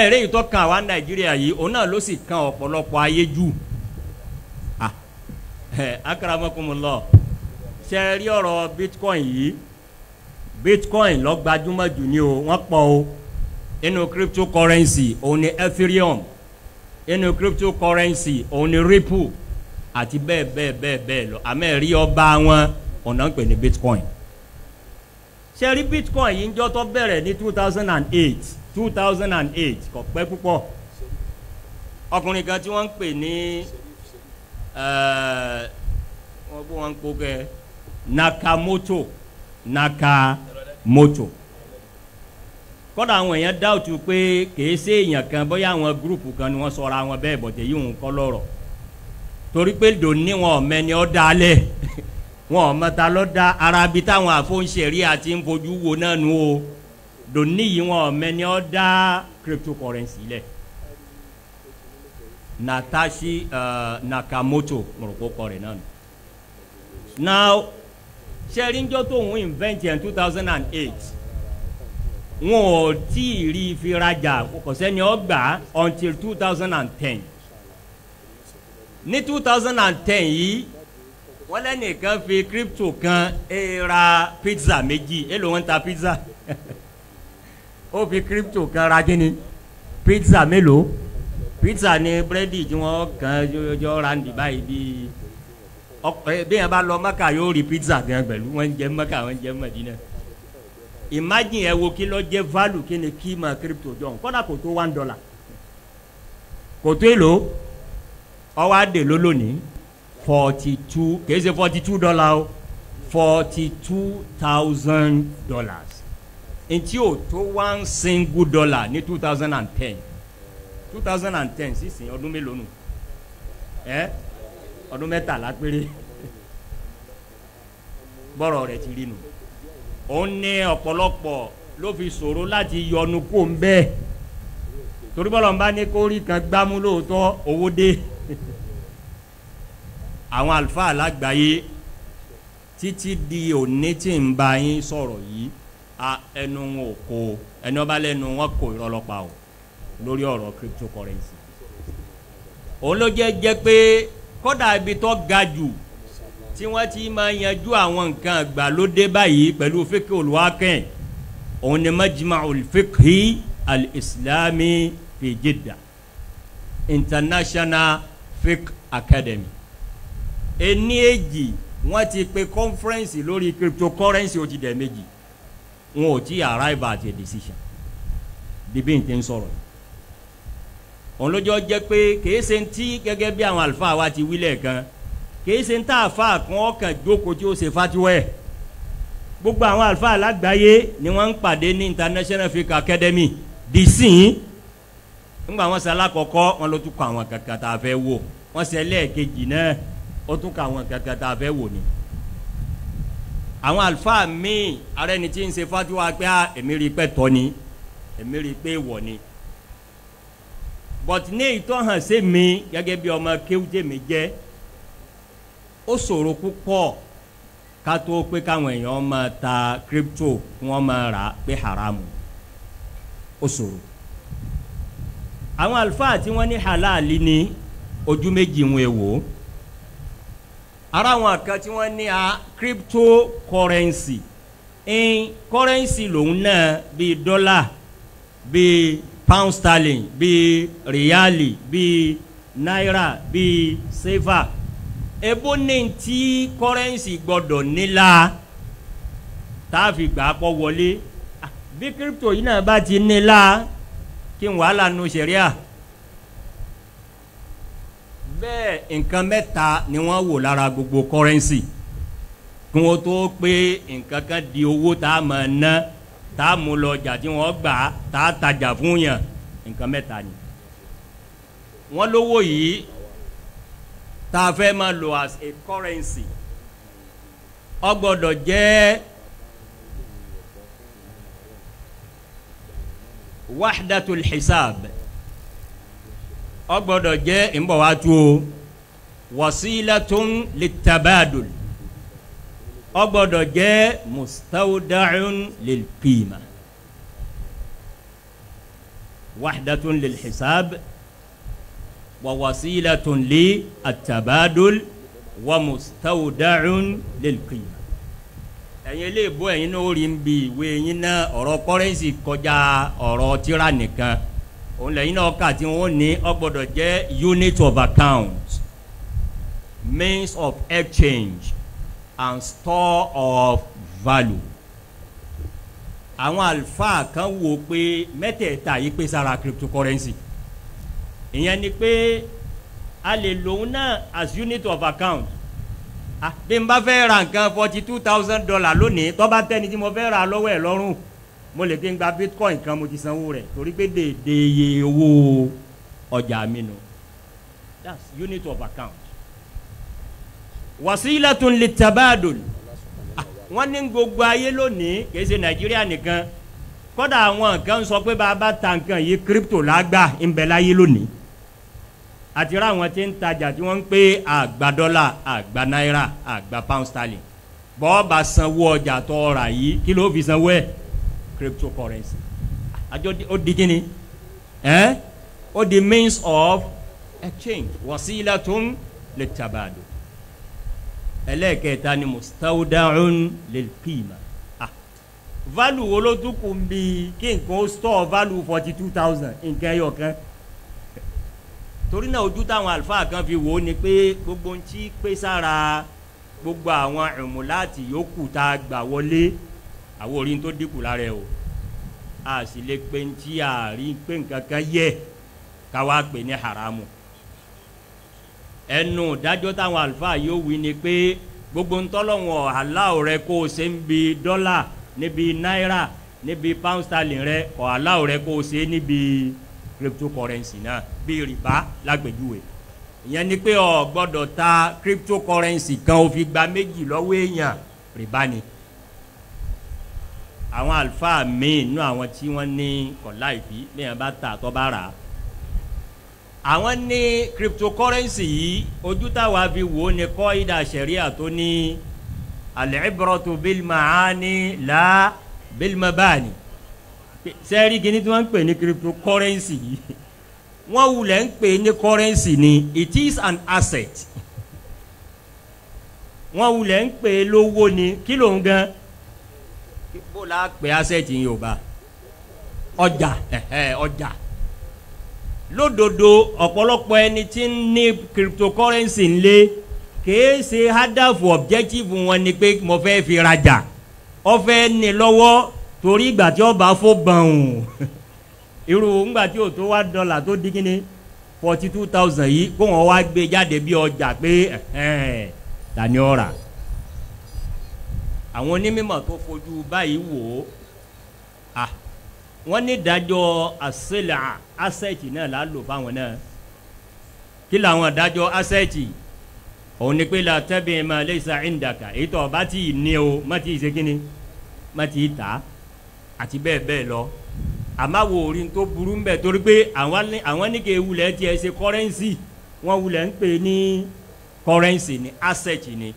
ẹ̀rẹ́ yìí tó kan àwa nàìjíríà yìí òun náà ló sì kan ọ̀pọ̀lọpọ̀ ayé jù ah, akaramakumulọ ṣe rí ọ̀rọ̀ bitcoin yìí bitcoin ló gbajúmọ̀ jù ní o wọ́n pọ̀ o inú cryptocurrency òun ni ethereum inú cryptocurrency òun ni ripple àti bẹ́ẹ̀ bẹ́ẹ̀ bẹ́ẹ̀ bẹ́ẹ̀ lọ àmẹ́ rí ọba wọn ọ̀nà ń pè ní bitcoin ṣe rí bitcoin yìí ń jọ́ tó bẹ̀rẹ̀ ní two thousand and eight two thousand and eight kò pẹ́ púpọ̀ ọkùnrin kan tí wọ́n ń pè ní eh, wọ́n bó wọn ń pokẹ́ Nakamoto Nakamoto kọ́dà àwọn èèyàn dáùtù pé kèé ṣe èèyàn kan bóyá àwọn gúrùpù kan ni wọ́n sọra wọn bẹ́ẹ̀ bọ̀tẹ̀ yìí òun kọ́ lọ́rọ̀ torí pé dòní wọn ọ̀mẹ ni ọ́ dalẹ̀ (laughs) wọn ọ̀mẹta lọ́ da ara bi táwọn àfọ̀nṣẹ̀rí àti ń wo náà nu o dòní yìí wọn ọ̀mẹ ni ọ́ da cryptocurrency lẹ̀ Natashi uh, Nakamoto mọ̀rọ̀kọ́ kọ́ náà now ṣẹ́ríńjọ́ tóun invent in two thousand and eight wọn ò tí ì rí i fi rajà kò sẹ́ni until two thousand and ten ní two thousand and ten yìí wọ́n lẹ́nìkan fi crypto kan e ra pizza méjì èlò wọn ta pizza (laughs) ó fi crypto kan ra kíni pizza mélòó pizza ni búrẹ́dì tí wọ́n kàn jọ ra ní báyìí bíi ọ̀pẹ bí yẹn bá lọ mọ́kà yóò rí pizza gan pẹ̀lú wọ́n ń jẹ mọ́kà wọ́n jẹ mọ́dínà imagine ẹ wo kí ló jẹ́ value kí ni kí ma crypto jọ kódà kò tó one dollar kò tó èlò ọwọ́ àdè ló lónìí forty two kìí ṣe forty two dollar o forty two thousand dollars ntí o tó one single dollar ní two thousand and ten two thousand and ten sísìn ọdún mélòó nù ẹ ọdún mẹ́tàlá péré bọ́rọ̀ rẹ̀ ti rí nù òun ní ọ̀pọ̀lọpọ̀ ló fi ṣòro láti yọnu kó ń bẹ́ẹ̀ torí bọ́lá ń bá ní kó rí kan gbámú lóòótọ́ owó dé àwọn àlùfáà lágbàáyé títí di òní tí ń bá yín sọ̀rọ̀ yìí a ẹnu wọn ò kó ẹni ọba lẹ́nu wọn kò ìrọlọ́pàá o lórí ọ̀rọ̀ cryptocurrency òun ló jẹ́ jẹ́ pé kódà ibi tó ga jù tí wọ́n ti máa yanjú àwọn nǹkan àgbàlódé báyìí pẹ̀lú fíkì olùwákẹ́yìn òun ni majma'ul fiqhi al-islami fi Jeddah international fiqh academy ẹni èjì wọ́n ti pe conference lórí cryptocurrency ó ti dẹ̀ méjì wọn ò tí arrive at a decision bíbí n ti ń sọ̀rọ̀ òun lójó jẹ́ pé kèé se ń tí gẹ́gẹ́ bí àwọn àlùfáà wa ti wí lẹ́ẹ̀kan kìí ṣe ń tà àfa kan ọkàn jókòó tí ó ṣe fatiwẹ́ gbogbo àwọn àlùfáà alágbàáyé ni wọ́n ń pàdé ní international fiqh academy di sìn ńgbà wọn ṣe alákọ̀ọ́kọ́ wọn ló tún kọ àwọn kankan tá a fẹ́ wò wọn ṣe ẹlẹ́ẹ̀kejì náà ó tún kọ àwọn kankan tá a fẹ́ wò ni àwọn àlùfáà míì ara ẹni tí ń ṣe fatiwa pé a ah, rí i tọ́ ni èmi rí i wọ̀ ni but ní ìtọ́ hàn sí mi gẹ́gẹ́ bí ọmọ kéwúté mi jẹ́ ó ṣòro púpọ̀ ká tó pé káwọn èèyàn máa ta crypto wọ́n máa rà pé haramu ó ṣòro àwọn àlùfáà tí wọ́n ní halali ni ojú méjì ń wò ara àwọn kan tí wọ́n ní a cryptocurrency in currency lòun náà bíi dọ́là bíi pound sterling bíi rìálì bíi naira bíi sèfà ebo ní ti kọ́rẹ́ǹsì gbọ́dọ̀ nílá táàfì gbà pọ̀ wọlé ah, bí kírípítò yìí náà bá ti nílá kí wàhálà nu sẹ̀ríà bẹ́ẹ̀ nǹkan mẹ́ta ni wọ́n wò lára gbogbo kọ́rẹ́ǹsì kí wọ́n tó pé nǹkan kan di owó tá a máa ná tá a mú lọ ọjà tí wọ́n gbà tá a tajà fún yàn nǹkan mẹ́ta ni wọ́n lówó yìí tá fẹ́ ma lò as a currency ó gbọ́dọ̀ jẹ́ wahdatul hisab ó gbọ́dọ̀ jẹ́ tu o wasilatun litabadul ó gbọ́dọ̀ jẹ́ mustawdaun lilqima wahdatun lilhisab. wa wasilatun li at-tabadul wa mustawda'un lil qiyam ẹ̀yin lè bọ́ ẹ̀yin náà ó rí bí ìwé ẹ̀yin náà ọ̀rọ̀ kọ́rẹ́nsì kọjá ọ̀rọ̀ tíra nìkan òun lẹ́yìn náà kà tí wọ́n ní ó jẹ́ unit of account means of exchange and store of value. àwọn àlùfáà kan wò pé mẹ́tẹ̀ẹ̀ta yìí pé sára cryptocurrency ìyẹn ni pé a lè lòun náà as unit of account ah, bí n bá fẹ́ ra nǹkan forty two thousand dollar lónìí tó bá tẹ́ni tí mo fẹ́ ra lọ́wọ́ ẹ̀ lọ́rùn mo lè fi gba bitcoin kan mo ti sanwó rẹ̀ torí pé dèdè iye owó ọjà mi nù that's unit of account. wasilatun litabadul ah, wọ́n ní gbogbo ayé lónìí kì í ṣe nàìjíríà nìkan kódà àwọn kan sọ pé bá a bá ta nǹkan yìí crypto lágbà ń bẹ láyé lónìí àti rà àwọn tí ń tajà tí wọ́n ń pè àgbà dọ́là àgbà náírà àgbà pound sterling bọ́ọ̀bà sanwó ọjà tó ọ̀rà yìí kí ló fi sanwó ẹ̀ cryptocurrency àjọ ó di kíni ẹ́ ó di means of exchange wasilatun litabadu ẹlẹ́ẹ̀kẹta ni mustaudaun lilqima ah value wo ló tún kí nǹkan store value forty two thousand nǹkan ẹyọ kan torí náà ojú táwọn àlùfáà kan fi wò ó ni pé gbogbo ń tí pé sára gbogbo àwọn ìmù láti yòókù tá a gbà wọlé àwọn orin tó dínkù lára ẹ o a sì lè pe ń tí a rí pé nǹkan kan yẹ ká wá pè ní haramu ẹnu dájọ́ táwọn àlùfáà yóò wí ni pé gbogbo ntọ́lọ́wọ̀n aláwọ̀ rẹ kó o ṣe ń bi dọ́là níbi náírà níbi pound sterling rẹ ọ̀ aláwọ̀ rẹ kó o ṣe níbi cryptocurrency náà bí rìbá lágbèjúwe ìyẹn ni pé ọ gbọ́dọ̀ ta cryptocurrency kan o fi gba méjì lọ́wọ́ èèyàn rìbá ni àwọn àlùfáà míì nú àwọn tí wọ́n ní kọlá ìbí bẹ́ẹ̀ bá ta àtọ bá rà á àwọn ní cryptocurrency yìí ojú táwa fi wò ó ní kọ́ sẹ̀ríà tó ní al-ibratu bil maani la bil mabani sẹ́ẹ̀rí gini tí wọ́n ń pè ní cryptocurrency yìí wọ́n wulẹ̀ ń pè ní currency ni it is an asset wọ́n wulẹ̀ ń pè lówó ni kí ló ń gan bó la pè asset yìí ò bá ọjà ọjà lódodo ọ̀pọ̀lọpọ̀ ẹni tí ń ní cryptocurrency ń lé kìí ṣe hádàfù objective wọn ni pé mo fẹ́ fi rajà ọ fẹ́ ní lọ́wọ́ torí ìgbà tí ọba fó gbọ̀n irú ńgbà tí o tó wá dọ́là tó dín kíni forty two thousand yìí kó wọn wá gbé jáde bí ọjà pé tani ọ̀rà àwọn onímọ̀ tó fojú báyìí wò ó wọ́n ní ìdájọ́ àṣìlà asẹ́ẹ̀tì náà lálò fáwọn náà kí làwọn ìdájọ́ asẹ́ẹ̀tì òun ni pé làtẹ́bí ma laysa indaka èyí tó ọba tí ì ní o má ti ṣe kíni má ti ta àti bẹ́ẹ̀ bẹ́ẹ̀ lọ àmọ́ wo orin tó burú ń bẹ̀ torí pé àwọn ní kí wulẹ̀ tiẹ̀ ṣe kọ́rẹ́ǹsì wọ́n wulẹ̀ ń pè ní kọ́rẹ́ǹsì ní asẹ́tì ni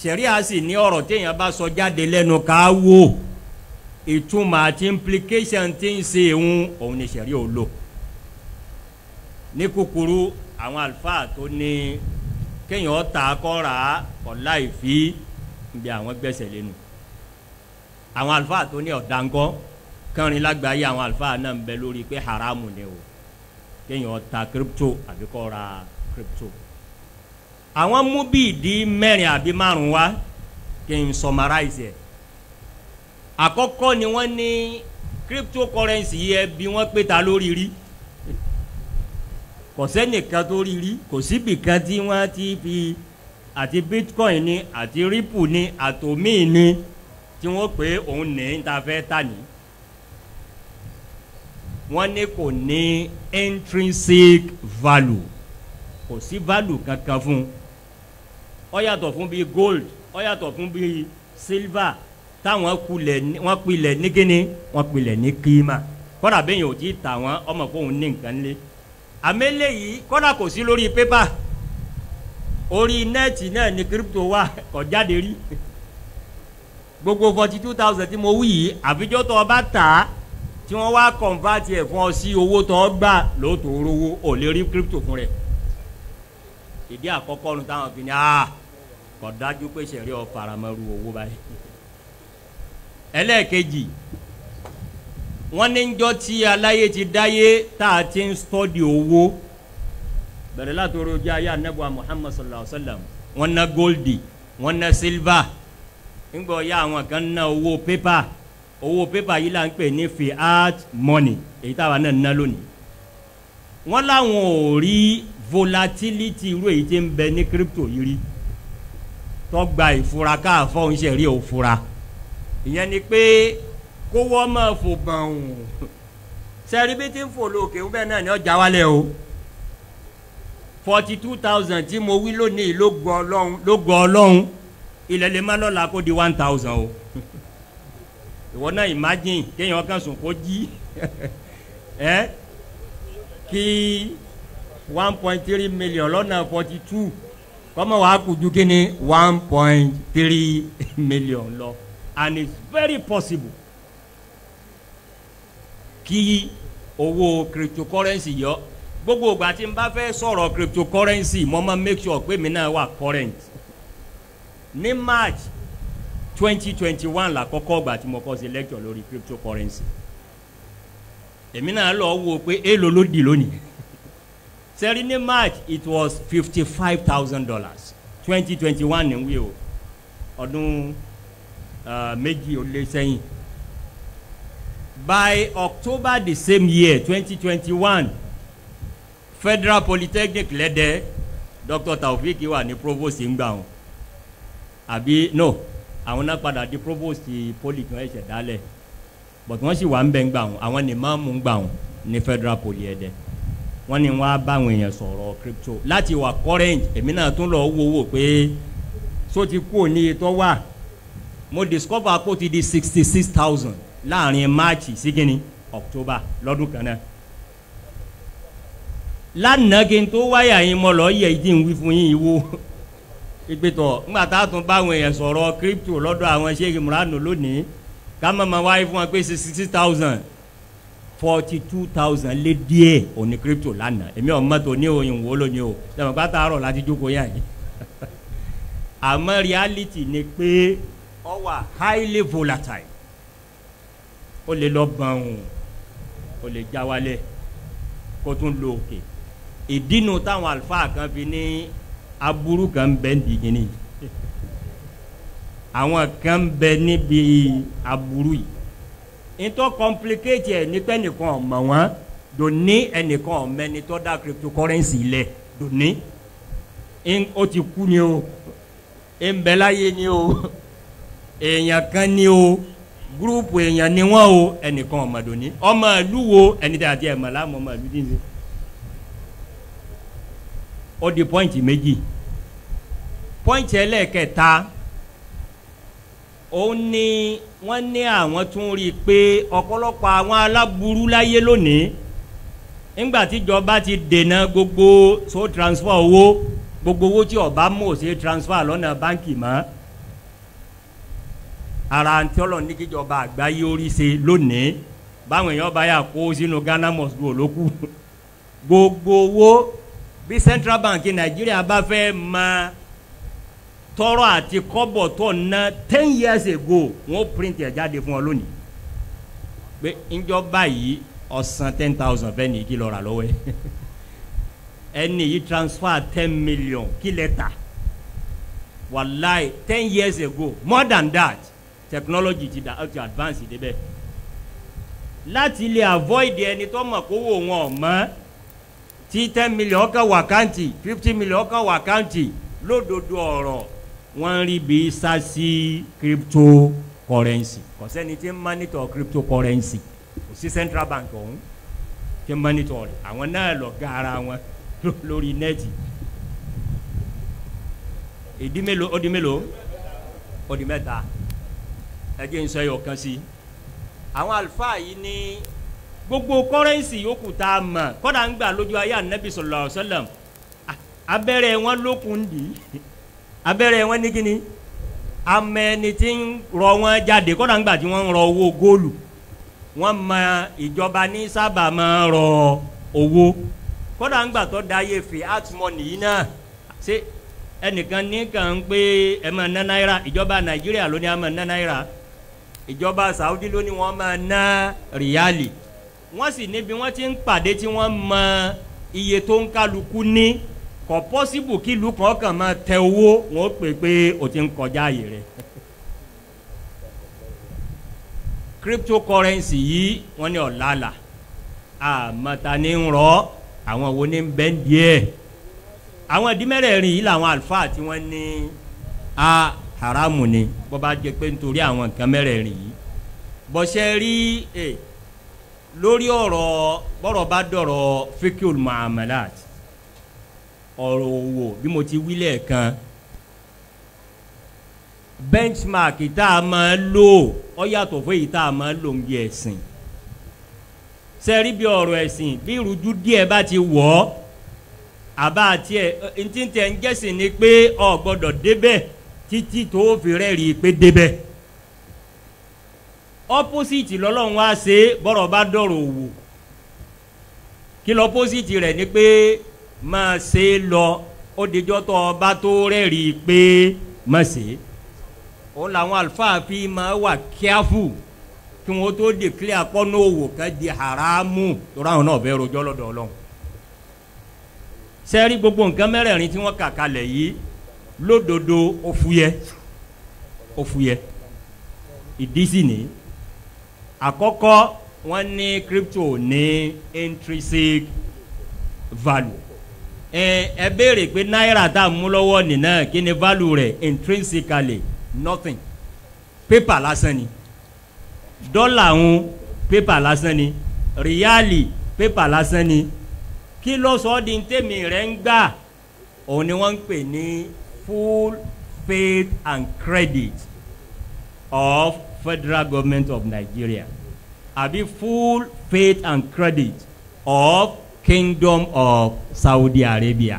sẹ̀ríà sì ní ọ̀rọ̀ téèyàn bá sọ jáde lẹ́nu ká wò ìtumọ̀ àti implication ti ń ṣe ìhun òun ni sẹ̀ríà ò lò ní kúkúrú àwọn àlùfáà tó ní kéèyàn ta kọ́ra ọ̀la ìfí ń bẹ àwọn gbẹ̀sẹ̀ lẹ́nu àwọn àlùfáà tó ní ọ̀dàǹkọ́ kẹrin lágbàáyé àwọn àlùfáà náà ń bẹ lórí pé haramu ni o kéèyàn ta crypto àbí kọ́ ra crypto àwọn mú bí ìdí mẹ́rin àbí márùn wá kí n summarize ẹ̀ àkọ́kọ́ ni wọ́n ní cryptocurrency yẹ bí wọ́n pè ta lórí rí kò sẹ́nìkan tó rí rí kò síbìkan tí wọ́n ti fi àti bitcoin ni àti ripple ni àtòmíì ni. tí wọ́n pé òun ní ta fẹ́ tà ní wọ́n ní kò ní intrinsic value kò sí value kankan fún ó yàtọ̀ fún bíi gold ó yàtọ̀ fún bíi silver táwọn kulẹ̀ wọ́n pilẹ̀ ní kíni wọ́n pilẹ̀ ní kíma kọ́dà bẹ́yìn ò ti tà wọ́n ọmọ ní nǹkan lé àmẹ́lẹ́ yìí kò sí lórí pépà orí nẹ́ẹ̀tì náà gbogbo forty two thousand tí mo wí yìí àfijọ́ tó o bá tà á tí wọ́n wá convert ẹ̀ fún ọ sí owó tó o gbà lóòótọ́ rówó ò lè rí crypto fún rẹ̀ ìdí àkọ́kọ́ nu táwọn fi ní a ah, kò dájú pé sẹ̀rí ọ faramẹ́rù owó báyìí ẹlẹ́ẹ̀kejì wọ́n ní njọ́ tí aláyé ti dáyé tá a ti ń stọ́dì owó bẹ̀rẹ̀ látòrò ojú ayé anabuwa Muhammad sallallahu alaihi wa sallam wọ́n ná góòlì wọ́n ná silver ńgbọ́ ya àwọn kan ná owó pépà owó pépà yìí là ń pè ní fiat money èyí táwa náà ná lónìí wọ́n láwọn ò rí volatility irú èyí tí ń bẹ ní crypto yìí rí tọ́gba ìfura káàfọ́ ń ṣe rí òfura ìyẹn ni pé kówó máa fò bàùn sẹ́rí bí ń fò lókè ń bẹ́ẹ̀ náà ni ọjà wálẹ̀ o forty two thousand tí mo wí lónìí ló gọ ọlọ́run ló gọ ọlọ́run ilẹ̀ lè má lọ́la kó di one thousand o ìwọ náà imagine kéèyàn kan sùn kó jí (laughs) ẹ kí one point three million lọ́nà forty two kọ́mọ wàá kù ju kíni one point three (laughs) million lọ and it's very possible kí owó cryptocurrency yọ gbogbo ìgbà tí n bá fẹ́ sọ̀rọ̀ cryptocurrency mo máa make sure pé mi náà wà current ní march twenty twenty one làkọ́kọ́ gbà tí mo kọ́ ṣe lecture lórí cryptocurrency èmi náà lọ wo pé èèlò ló di lónìí sẹ́rí ní march it was fifty five thousand dollars twenty twenty one ní wí o ọdún ah, méjì ó lé sẹ́yìn by october the same year twenty twenty one federal polytechnic lẹ́dẹ̀ẹ́ dr taofik wà ní provost ń gbà wọn àbí no àwọn náà padà di provost poli kan ẹ̀ṣẹ̀ dálẹ̀ but wọ́n sì wà ń bẹ̀ ń gbà wọn àwọn ni máa mú ń gbà wọn ní federal poli ẹ̀dẹ̀ wọ́n ní wọ́n á bá àwọn èèyàn sọ̀rọ̀ crypto láti wà current èmi náà tún lọ wò wò pé so ti kú òní tó wà mo discover kó ti di sixty six thousand láàrin march sí kínní october lọ́dún kan náà lánàá kí n tó wáyà yín mo lọ yẹ ìdí ń yín ìwo ìgbẹ́tọ̀ ńgbàtà tún báwọn èèyàn sọ̀rọ̀ crypto lọ́dọ̀ àwọn sheikh murano lónìí ká má ma wáyé fún wa pé sixty thousand forty two thousand lé díẹ̀ òní crypto lánàá èmi ò mọ̀ tó ní òyìn wò lónìí o dàmọ́ pátá àárọ̀ láti jókòó yá yìí (laughs) àmọ́ reality ni pé ó wà highly volatile ó lè lọ bàn òun ó lè já wálẹ̀ kó tún lo òkè ìdínú táwọn àlùfáà kan fi ní aburú kan bẹ ndigini àwọn kan bẹ níbi aburú yìí ntọ́ complicate ẹ̀ ní nìkan ọ̀mọ̀ wọn dòní ẹnìkan ọ̀mẹ́ni tó dá cryptocurrency lẹ̀ dòní ó ti kú ni o ńbẹ́láyé ni o èèyàn kan ni o gúrúùpù èèyàn ni wọ́n o ẹnìkan ọ̀mọ̀ dòní ọmọ ìlú wo ẹni tí a ti ẹ̀ mọ̀ láàmú ọmọ ìlú dín ní ó di pọ́ìntì méjì pọ́ìntì ẹlẹ́ẹ̀kẹta òun ni wọ́n ní àwọn tún rí i pé ọ̀pọ̀lọpọ̀ àwọn aláburú láyé lónìí nígbà tíjọba ti dènà gbogbo so transfer owó gbogbo owó tí ọba mọ̀ ṣe transfer lọ́nà báńkì mọ́ ara ntí ọlọ́run ní kíjọba àgbáyé orí ṣe lónìí báwọn èèyàn bá yà kó sínú Ghana mosque olókù gbogbo owó bí central bank nàìjíríà bá fẹ́ máa tọrọ àti kọ́bọ̀ tó ná ten years ago wọ́n print ẹ̀ jáde fún ọ lónìí pé ńjọba yìí ọ̀sán ten thousand fẹ́ ní kí lọ́ọ́ rà lọ́wọ́ ẹ (laughs) ẹni yìí transfer ten million kí lẹ́ wàláì ten years ago more than that technology ti da ti advance débẹ̀ láti lè avoid ẹni tó mọ̀ kówó wọn mọ́ tí ten million kan wà káǹtì fifty million kan wà káǹtì lódodo ọ̀rọ̀ wọ́n rí bí sasi crypto currency kò sẹ́ni tí ń monitor crypto currency kò sí central bank ọ̀hún tí ń monitor rẹ̀ àwọn náà lọ ga ara wọn (laughs) lórí nẹ́ẹ̀tì ìdí mélòó ó di mélòó ó di mẹ́ta ẹ jẹ́ n sọ ẹyọ kan sí àwọn àlùfáà yìí ní. gbogbo kọ́rẹ́ǹsì yòókù tá a mọ̀ kọ́dà ń gbà lójú ayé ànábì sallallahu abere wasallam wọn lókun ń rọ wọn jáde kọ́dà ń gbà tí ń rọ owó góòlù mọ ìjọba ní sábà rọ owó ń gbà tó fi atmọ́nì yìí náà ṣé ẹnìkan ní ń pé ẹ máa ná náírà ìjọba nàìjíríà ló ní a máa ná náírà ìjọba saudi ló ní wọ́n sì níbi wọ́n ti ń pàdé tí wọ́n mọ iye tó ń kálukú ní kò pọ́síbù kí ìlú kan kàn máa tẹ owó wọn pè pé o ti ń kọjá àyè rẹ. cryptocurrency yìí wọ́n ní ọ̀làlà àmọ́ta ní ń rọ àwọn wo ní ń bẹ́ ń díẹ̀ àwọn ìdímẹ́rẹ̀ẹ̀rin yìí làwọn àlùfáà tí wọ́n ní a haramu ni bó bá jẹ́ pé nítorí àwọn nǹkan mẹ́rẹ̀ẹ̀rin yìí bọ́sẹ̀ rí. Eh, lórí ọ̀rọ̀ bọ́rọ̀ bá dọ̀rọ̀ fikul muamalat ọ̀rọ̀ òwò bí mo ti wí lẹ́ẹ̀kan benchmark tá a máa lò ó yàtọ̀ fún èyí tá a máa lò ń bí ẹ̀sìn sẹ́rí bí ọ̀rọ̀ ẹ̀sìn bí ìrújú díẹ̀ bá ti wọ̀ ọ́ àbá àti ntí tẹ̀ ń jẹ́sìn ni pé o gbọ́dọ̀ débẹ̀ títí tó fi rẹ́rìí pé débẹ̀ opposite lọ́lọ́run wá ṣe bọ́rọ̀ bá dọ̀rọ̀ òwò kí lọ opposite rẹ̀ ni pé máa ṣe lọ ó dijọ́ tó ọba tó rẹ́rì pé má ṣe ó làwọn àlùfáà fi máa wà careful kí wọ́n tó declare akọ́nú òwò kan di haramu tó ráhùn náà bẹ́ẹ̀ rojọ́ lọ́dọ̀ ọlọ́run sẹ́rí gbogbo nǹkan mẹ́rẹ̀ẹ̀rin tí wọ́n kà kalẹ̀ yìí lódodo òfuyẹ òfuyẹ ìdí sì nìyí àkọ́kọ́ wọ́n ní crypto ní intrinsic value ẹ ẹ béèrè pé náírà tá a mú lọ́wọ́ nìna kí ni value rẹ̀ intrinsically nothing paper lásán ni dọ́là ń paper lásán ni ríálì paper lásán ni kí ló sọ ọ́ di tèmi rẹ̀ ń gbà òun ni wọ́n ń pè ní full faith and credit of federal government of Nigeria àbí full faith and credit of kingdom of Saudi Arabia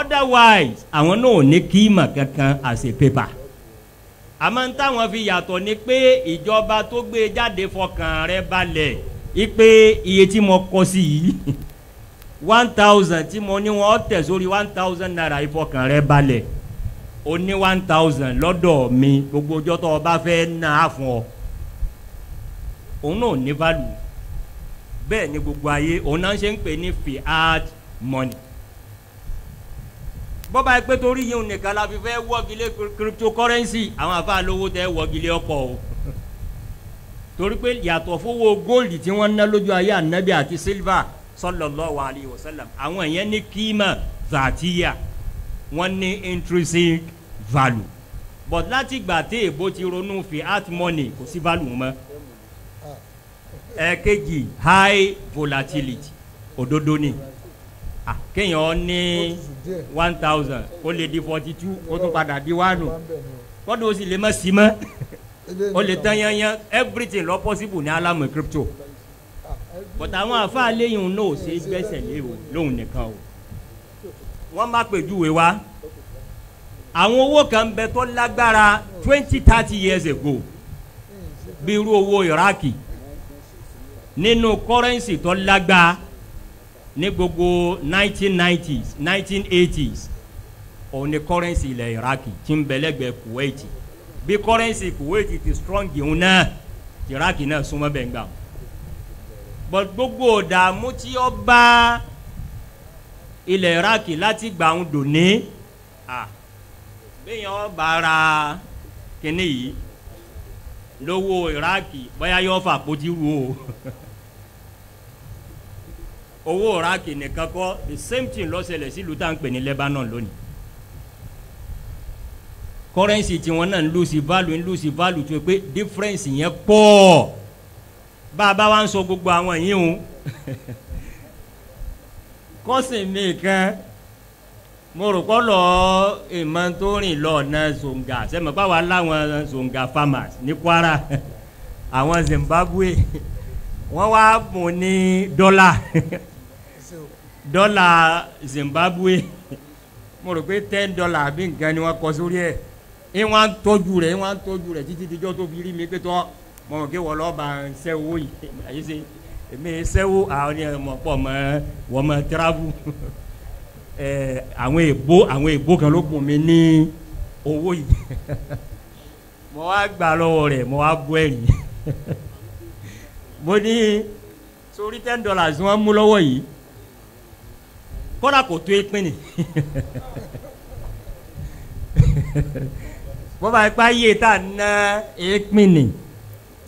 otherwise àwọn náà ò ní kí ìmọ̀ kankan as a paper àmọ́ ń táwọn fi yàtọ̀ ni pé ìjọba tó gbé e jáde fọkàn rẹ balẹ̀ ipe iye tí mo kọ sí yìí (laughs) one thousand tí mo ní wọn tẹ̀ sórí one thousand naira ìfọkàn rẹ balẹ̀ o ní one thousand lọ́dọ̀ mi gbogbo ọjọ́ tó o bá fẹ́ ná a fún ọ òun náà ní value bẹ́ẹ̀ ni gbogbo ayé òun náà ṣe ń pè ní fiat money bọ́ba ẹ pé torí yìí nìkan la fi fẹ́ wọ́gilé cryptocurrency àwọn afáà lówó tẹ́ wọ́gilé ọkọ̀ o torí pé yàtọ̀ fowó gold tí wọ́n ná lójú ayé ànábì àti silva sallallahu alayhi wa sallam àwọn yẹn ní kíma zàtìyà wọ́n ní intrinsic value but láti gbà tí èbó ti ronú fi art money kò sí value mọ́ ẹ̀ẹ́kejì high volatility òdodo ni kéèyàn ní one thousand ó lè di forty two ó tún padà di one kọ́dọ̀ ó sì lè má sí mọ́ ó lè tán yányán everything lọ possible ní alámọ̀ crypto but àwọn àfa àléyìn náà ò ṣe é gbẹ́sẹ̀ lé o lóhùn nìkan o wọ́n má pèjúwe wa àwọn owó kan bẹ tó lágbára twenty thirty years ago bí irú owó iraki nínú kọ́rẹ́nsì tó lágbá ní gbogbo nineteen nineties nineteen eighties òun ni kọ́rẹ́nsì ilẹ̀ iraki tí ń bẹ̀lẹ́gbẹ̀ kuwait bí kọ́rẹ́nsì kuwait ti strong yìí náà iraki náà súnmọ́ bẹ̀ gbà but gbogbo ọ̀dààmú tí ó bá ilẹ̀ iraki láti gbà ń dò ní bẹ́ẹ̀yàn bá ra kínní yìí lówó iraki bóyá yóò fà pójú wo (laughs) owó iraki nìkan kọ́ the same thing ló ṣẹlẹ̀ sílùú tá à ń pè ní lebanon lónìí currency tiwọn náà ń lùsì value ń lùsì value tó pé difference yẹn pọ̀ bá a bá wa ń sọ gbogbo àwọn yìí o. (laughs) kọ́sìnmí kan mo rò kọ́ lọ ìmọ̀ tó rìn lọ ọ̀nà zonga sẹ́mi báwa láwọn zonga farmers ní Kwara (laughs) àwọn Zimbabwe (laughs) wọ́n wá mú ní dọ́là (laughs) dọ́là Zimbabwe mo rò pé ten dollar àbí nǹkan ni wọ́n kọ sórí ẹ̀ ẹ wọn tọ́jú rẹ̀ ẹ wọn tọ́jú rẹ̀ títí dijọ́ tó fi rí mi pé tọ́ mọ̀ kí wọ́n lọ́ọ́ bá ń sẹ́ owó yìí àyè sẹ́yìn èmi sẹ́wó àwọn ọmọ pọ̀ mọ́ wọ́n mọ́ tíráfù (laughs) àwọn èbó àwọn èbó kan ló kún mi ní owó yìí (laughs) mo wá gbà lọ́wọ́ rẹ̀ mo wá bọ́ ẹ̀yìn (laughs) mo ní sórí ten dollars wọ́n mú lọ́wọ́ yìí kọ́dà kò tó ìpín ni bọ́ba ipá yìí tá a ná ìpín ni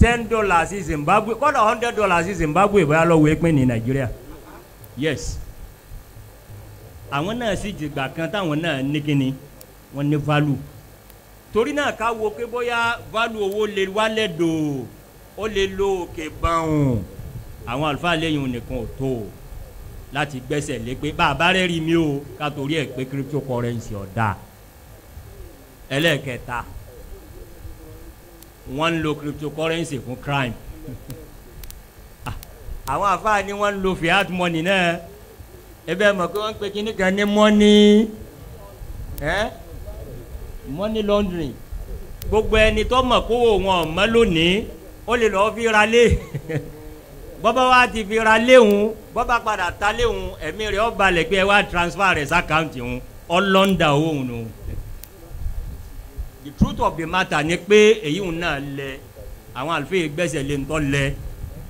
ten dollars sí Zimbabwe kọ́dọ̀ hundred dollars sí Zimbabwe bóyá lọ́wọ́ ẹ̀pẹ́ ní Nàìjíríà yes àwọn náà sì jìgbà kan táwọn náà ní kíni wọ́n ní value torí náà ká wo pé bóyá value owó lè wálẹ̀ dò ó lè lo òkè báwọn àwọn àlùfáà lẹ́yìn nìkan ò tó o láti gbẹ́sẹ̀ lé pé bàbá rẹ̀ rí mi o ká torí ẹ̀ pé cryptocurrency ọ̀dà ẹlẹ́ẹ̀kẹta. E wọ́n ń lo cryptocurrency fún crime ah, àwọn àfáà ni wọ́n ń lo fiat money náà ebe mọ̀ pé wọ́n ń pe kíní kan ní money eh? money laundering gbogbo ẹni tó mọ̀ kó wọn mọ́ lónìí ó lè lọ́ọ́ fi ra lé (laughs) bọ́bá wa ti fi ra léhùn bọ́bá padà ta léhùn ẹ̀mí rẹ̀ ó balẹ̀ pé ẹ wá transfer rẹ̀ sí àkáǹtì òun ọlọ́ńdà owó òun nù. No the truth of the matter ni pé èyí ń náà lẹ àwọn àlùfẹ́ gbẹ́sẹ̀ lè ń tọ́ lẹ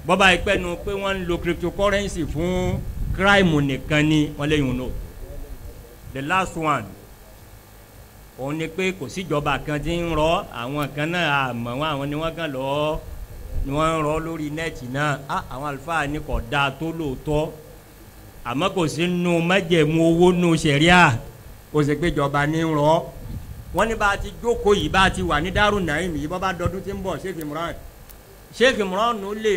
bọ́ba ìpẹ́nu pé wọ́n ń lo cryptocurrency fún crime nìkan ni wọ́n lè yùn náà the last one òun ni pé kò síjọba kan tí ń rọ àwọn kan náà àmọ́ wọn àwọn ni wọ́n kàn lọ́ọ́ ni wọ́n ń rọ lórí nẹ́ẹ̀tì náà á àwọn àlùfáà ni kò dáa tó lóòótọ́ àmọ́ kò sí nu mẹ́jẹ̀mú owó nu sẹ̀ríà kò sì pé ìjọba ní ń rọ wọ́n ní bá a ti jókòó yìí bá a ti wà ní Daaru Naim yìí bọ́ bá dọdún tí ń bọ̀ Sheikh Imran Sheikh Imran lè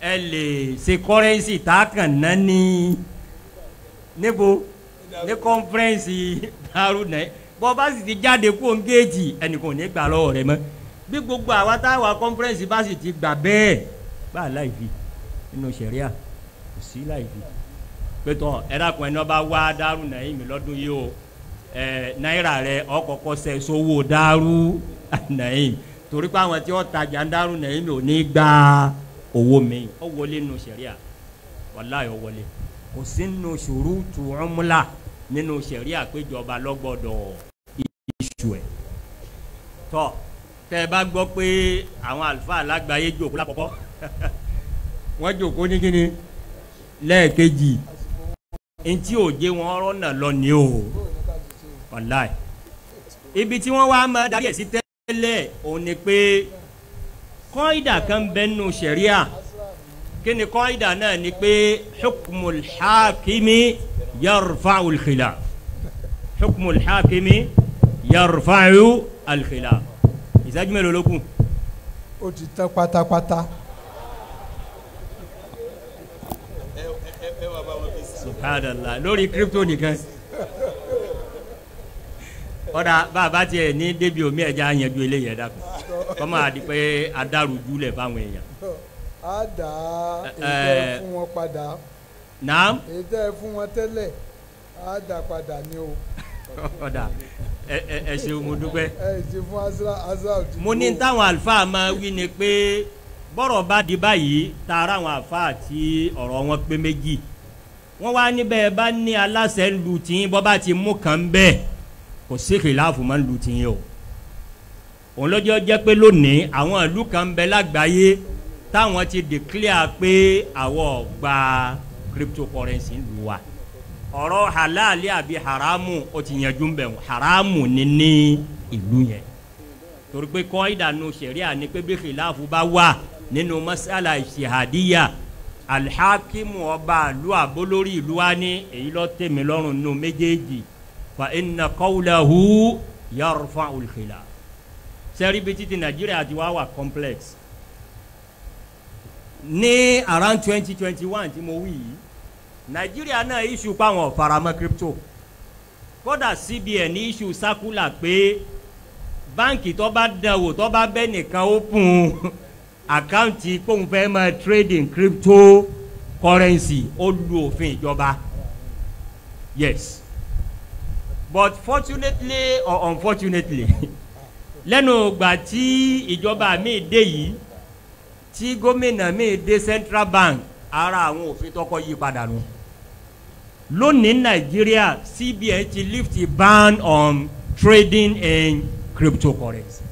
ẹ lè ṣe kọ́rẹ́nsì tá a kàn ná ní níbo ní kọ́nfẹ́rẹ́nsì Daaru Naim bọ́ bá sì ti jáde kó ń géèjì ẹnìkan ò ní gbà lọ́wọ́ rẹ mọ́ bí gbogbo àwa táwa kọ́nfẹ́rẹ́nsì bá sì ti gbà bẹ́ẹ̀ bá a láì fi nínú ṣẹ̀ríà kò sí láì fi pé tọ́ ẹ dákun ẹni wọ́n bá wá Daaru Naim lọ́dún yìí o. ẹ náírà rẹ ọkọ̀ọ̀kọ̀ sẹ sowó wo Naim torí pé àwọn tí wọ́n tajà ń Daaru Naim ò ní gba owó mi ó wọlé nù sẹ̀ríà wàláyé ó wọlé kò sí nínú péjọba iṣu bá gbọ́ pé àwọn àlùfáà lágbàáyé jòkó (laughs) wọ́n jòkó ní kíni lẹ́ẹ̀kejì ntí òjé wọn rọ́nà lọ o. wàláì ibi tí wọ́n wá máa darí ẹ̀ sí tẹ́lẹ̀ òun ni pé kọ́ìdà kan bẹ́ẹ̀ nù sẹ̀ríà kí ni kọ́ìdà náà ni pé hukmul hakimi yarfa'ul khilaf hukmul hakimi yarfa'ul khilaf ìsájú mélòó ló kù. ti tán pátápátá. subhanallah lórí kíríptò nìkan kọ́dà bàbá tiẹ̀ ní débi omi ẹja yanjú eléyìí ẹ̀dá kan kọ́mọ àdí pé lẹ̀ fáwọn èèyàn. a dà á ètò fún wọn padà. naam. ètò ẹ fún wọn tẹ́lẹ̀ a da, padà ni o. kọ́dà ẹ ẹ ṣeun mo dúpẹ́. ẹ ṣe fún azra azra òtún. mo ní táwọn àlùfáà máa wí ni pé bọ́rọ̀ bá di báyìí taara àwọn àlùfáà tí ọ̀rọ̀ wọn pé méjì wọ́n wá níbẹ̀ bá ní aláṣẹ lu tìǹbọ̀ bá ti mú kàn bẹ́ẹ̀ kò sékè láàfù máa ń lu ti yẹn o òun lọ́jọ́ jẹ́ pé lónìí àwọn ìlú kan bẹ lágbàáyé táwọn ti declare pé àwọn gba cryptocurrency lu wa ọ̀rọ̀ halali àbí haramu ó ti yanjú bẹ̀ wọ́n haramu ni ní ìlú yẹn torí pé kọ́ ìdànù sẹ̀ríà ni pé bí kìláàfù bá wà nínú masala ìṣèhàdíyà alhakimu ọba àlú àbólórí ìlú wa ní èyí lọ́ọ́ tẹ̀mí lọ́rùn nù méjèèjì. No fa inna qawlahu yarfa'ul khilaf sẹ́rí bíi títí nàìjíríà ti wá wà complex ní around twenty twenty one tí mo wí yìí nàìjíríà náà issue páwọn faramọ́ crypto kódà cbn issue sákúlà pé báǹkì tó bá dán wò tó bá bẹ́ nìkan open àkáǹtì kóun fẹ́ máa trading crypto currency ó lu òfin ìjọba yes but fortunately or unfortunately (laughs) lẹ́nu ìgbà tí ìjọba mi dé yìí tí gómìnà mi dé central bank ara àwọn òfin tọkọ yí padà nù lónìí nàìjíríà cbn ti lift ban on trading in cryptocurrency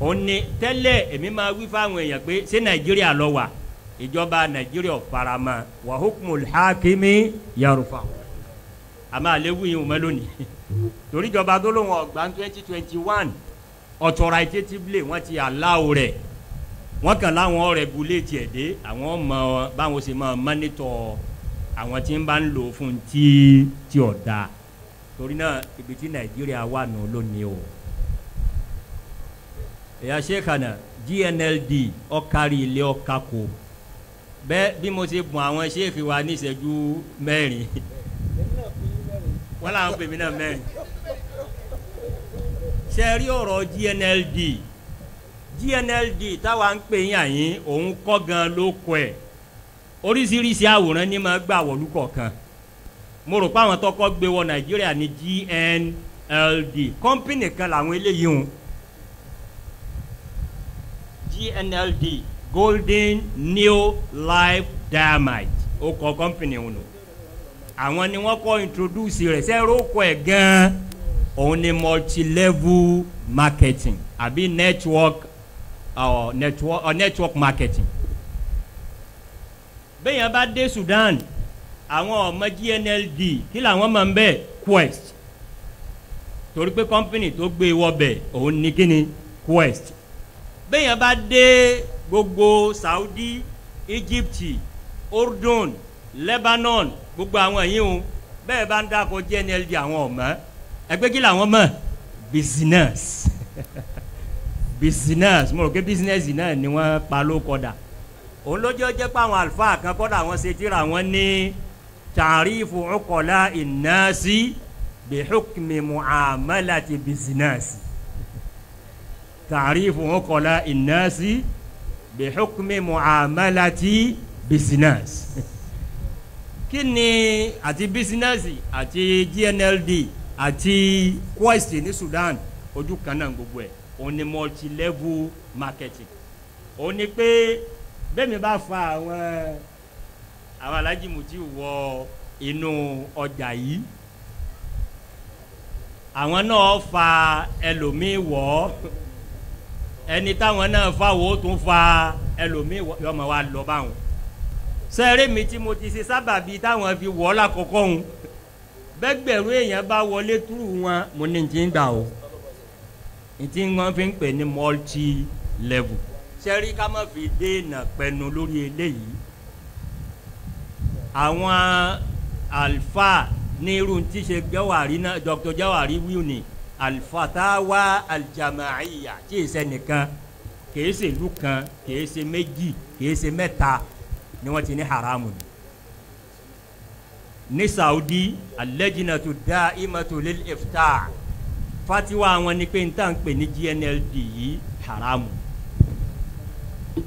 ó ní tẹ́lẹ̀ èmi máa wí fáwọn èèyàn pé ṣé nàìjíríà lọ wà ìjọba nàìjíríà faramọ́ wàhùkùmù hàkímì yarufa àmọ́ àléwù yìí ò mọ́ lónìí (laughs) torí ìjọba tó lóun ọ̀gbà twenty twenty one authoritatively wọ́n ti allow rẹ̀ wọ́n kàn láwọn regulate ẹ̀ dé àwọn ọmọ báwọn ṣe máa monitor àwọn tí ń bá ń lò fún tí tí ò torí náà ibi tí nàìjíríà wà nù lónìí o ẹ̀yà sẹ́kànnà GNLD ọ̀kárí ilé ọ̀kakò bẹ́ẹ̀ bí mo ṣe bùn àwọn ṣéèkì wa ní ìṣẹ́jú (laughs) Wala là ń pè mí náà mẹ́rin ṣe rí ọ̀rọ̀ GNLD GNLD táwa ń pè yín àyín òun kọ́ gan ló kọ ẹ̀ oríṣiríṣi àwòrán ní máa gbà wọ̀lú kọ̀ọ̀kan mo rò pé àwọn tọkọ gbé wọ Nàìjíríà ní GNLD kọ́ńpìnì kan làwọn eléyìí hùn GNLD Golden New Life Diamond ó kọ kọ́ńpìnì hùn nù àwọn ni wọ́n kọ́ introduce rẹ̀ sẹ́rọ kọ́ ẹ̀ gan-an òun ni multi-level marketing àbí network uh, network, uh, network marketing. bẹ́ẹ̀yàn bá dé Sudan àwọn ọmọ GNLD kí làwọn máa ń bẹ̀ Quest torí pé company tó gbé e wọbẹ̀ òun ni kí ni Quest bẹ́ẹ̀yàn bá dé gbogbo Saudi Egypt Jordan Lebanon gbogbo àwọn yìí o bẹ́ẹ̀ bá ń dáko jnld àwọn ọ̀mọ́ ẹgbẹ́ kí làwọn mọ̀ business (laughs) business mo rò pé business náà ni wọ́n pa ló kọ́dà òun lójó jẹ́ pé àwọn àlùfáà kan kọ́dà àwọn ṣe tíra wọn ní tàrífù ọkọ̀lá ìnáàsì bihukmi muamalati business tàrífù ọkọ̀lá ìnáàsì bihukmi muamalati business. (laughs) kí ni àti bísínẹ́sì àti GNLD àti Quest ní Sudan ojú kan náà gbogbo ẹ̀ òun ni multi level marketing òun ni pé bẹ́ẹ̀ mi bá fa àwọn àwọn alájí mutí wọ inú ọjà yìí àwọn náà fa ẹlòmíì wọ̀ ọ́ ẹni táwọn náà fa wo tún fa ẹlòmíì wọ̀ yọmọ wa lọ báwọn sẹ́rẹ́ mi tí mo ti ṣe sábàbí táwọn fi wọ́ lákọ̀ọ́kọ́ ń bẹ́gbẹ̀rún èèyàn bá wọlé túrú wọn mo ní ti ń gbà o ìtí wọn fi ń pè ní multi level sẹ́rí ká má fi déènà pẹnu lórí eléyìí àwọn alfa ní irú tí ṣe jawari náà dr jawari wíwù ní tawa aljamaiya tí ì sẹ́nìkan kìí ṣe ìlú kan kìí ṣe méjì kìí ṣe mẹ́ta ni wọ́n ti ní haramu ni ní saudi alẹ́jìnàtò dá ìmọ̀tò lil ifta fatiwa wọn ni pé nta ń pè ní gnld yìí haramu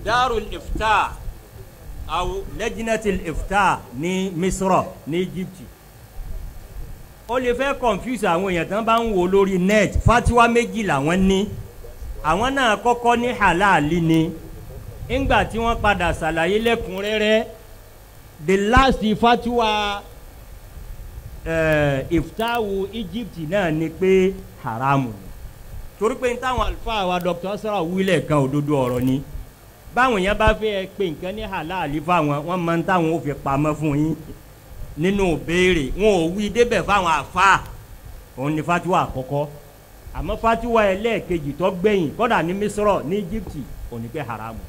darul ifta aw lẹ́jìnàtò ifta ní misra ní egypt ó lè fẹ́ confuse àwọn èèyàn tán bá ń wò lórí net fatiwa méjì làwọn ní àwọn náà kọ́kọ́ ní halali ni ńgbà tí wọ́n padà ṣàlàyé lẹ́kùnrẹ́rẹ́ the last fatiwa uh, eh, iftawu Egypt náà ni pé haramu ni torí pé táwọn àlùfáà wa Dr. Asra wílẹ̀ kan òdodo ọ̀rọ̀ ni báwọn èèyàn bá fẹ́ pe nǹkan ní halali fáwọn wọ́n máa ń táwọn ò fi pamọ́ fún yín nínú béèrè wọn ò wí débẹ̀ fáwọn àfáà òun ni fatiwa àkọ́kọ́ àmọ́ fatiwa ẹlẹ́ẹ̀kejì tó gbẹ̀yìn kọ́dà ní misrọ̀ ní Egypt òní pé haramu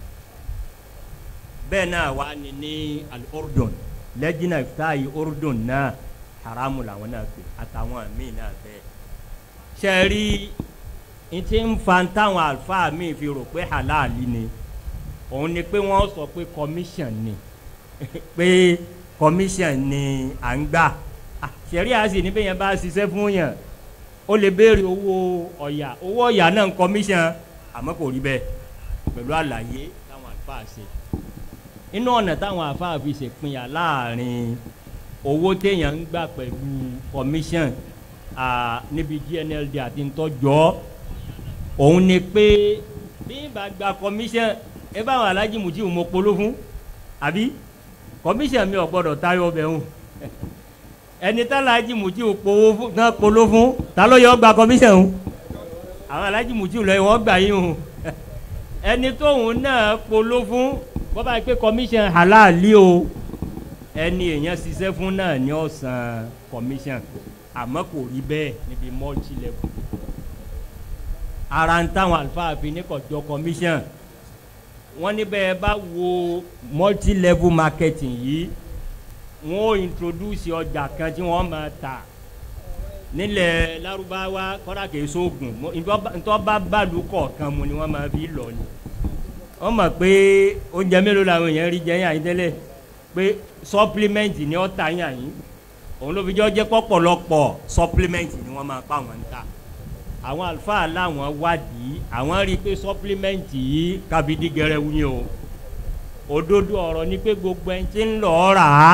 bẹ́ẹ̀ náà wà ní ní al-Urdun lẹ́jìnà táyì Urdun náà haramu làwọn náà pè àtàwọn míì náà bẹ́ẹ̀. sẹ́ẹ̀rí ntí ń fa táwọn àlùfáà míì fi rò pé halali ni òun ni pé wọ́n sọ pé commission ni (laughs) pé commission ni à ń gbà sẹ́ẹ̀rí àti níbẹ̀ yẹn bá ṣiṣẹ́ fún yàn ó lè béèrè owó ọ̀yà owó ọ̀yà náà commission àmọ́ kò rí bẹ́ẹ̀ pẹ̀lú àlàyé táwọn àlùfáà ṣe inú ọ̀nà táwọn àfáà fi ṣèpínyà láàrin owó téèyàn ń gbà pẹ̀lú commission níbi GNLD àti ntọ́jọ́ òun ni pé bí n bá gba commission ẹ bá àwọn alájí mùtí mo polo fún àbí commission mi ò gbọ́dọ̀ tayọ bẹ̀ hùn ẹni tá alájí mùtí polo fún tá ló yọ gba commission hùn àwọn alájí mùtí lọ yọ gbà yín hùn ẹni tóun náà polo fún bọ́bá yìí pé commission halali o ẹni èèyàn ṣiṣẹ́ fún náà ni ó san commission àmọ́ kò rí bẹ́ẹ̀ níbi multi level ara ń táwọn àlùfáà fi ní kọjọ commission wọ́n ní bá wo multi level marketing yìí wọ́n introduce ọjà kan tí wọ́n máa ta nílẹ̀ Lárúbáwá kọ́dà kìí sóògùn ntọ́ba bàlù kọ̀ọ̀kan mu ni wọ́n máa fi lọ ni wọ́n mọ̀ pé oúnjẹ mélòó làwọn èèyàn rí jẹ́ yàn tẹ́lẹ̀ pé supplement ni wọ́n ta yàn yín òun ló fi jọ́ jẹ́ pọ̀pọ̀lọpọ̀ supplement ni wọ́n máa pa wọn ta àwọn àlùfáà làwọn wádìí àwọn rí i pé supplement yìí kabidi gẹrẹ wúni o òdodo ọ̀rọ̀ ni pé gbogbo ẹni tí ń lọ rà á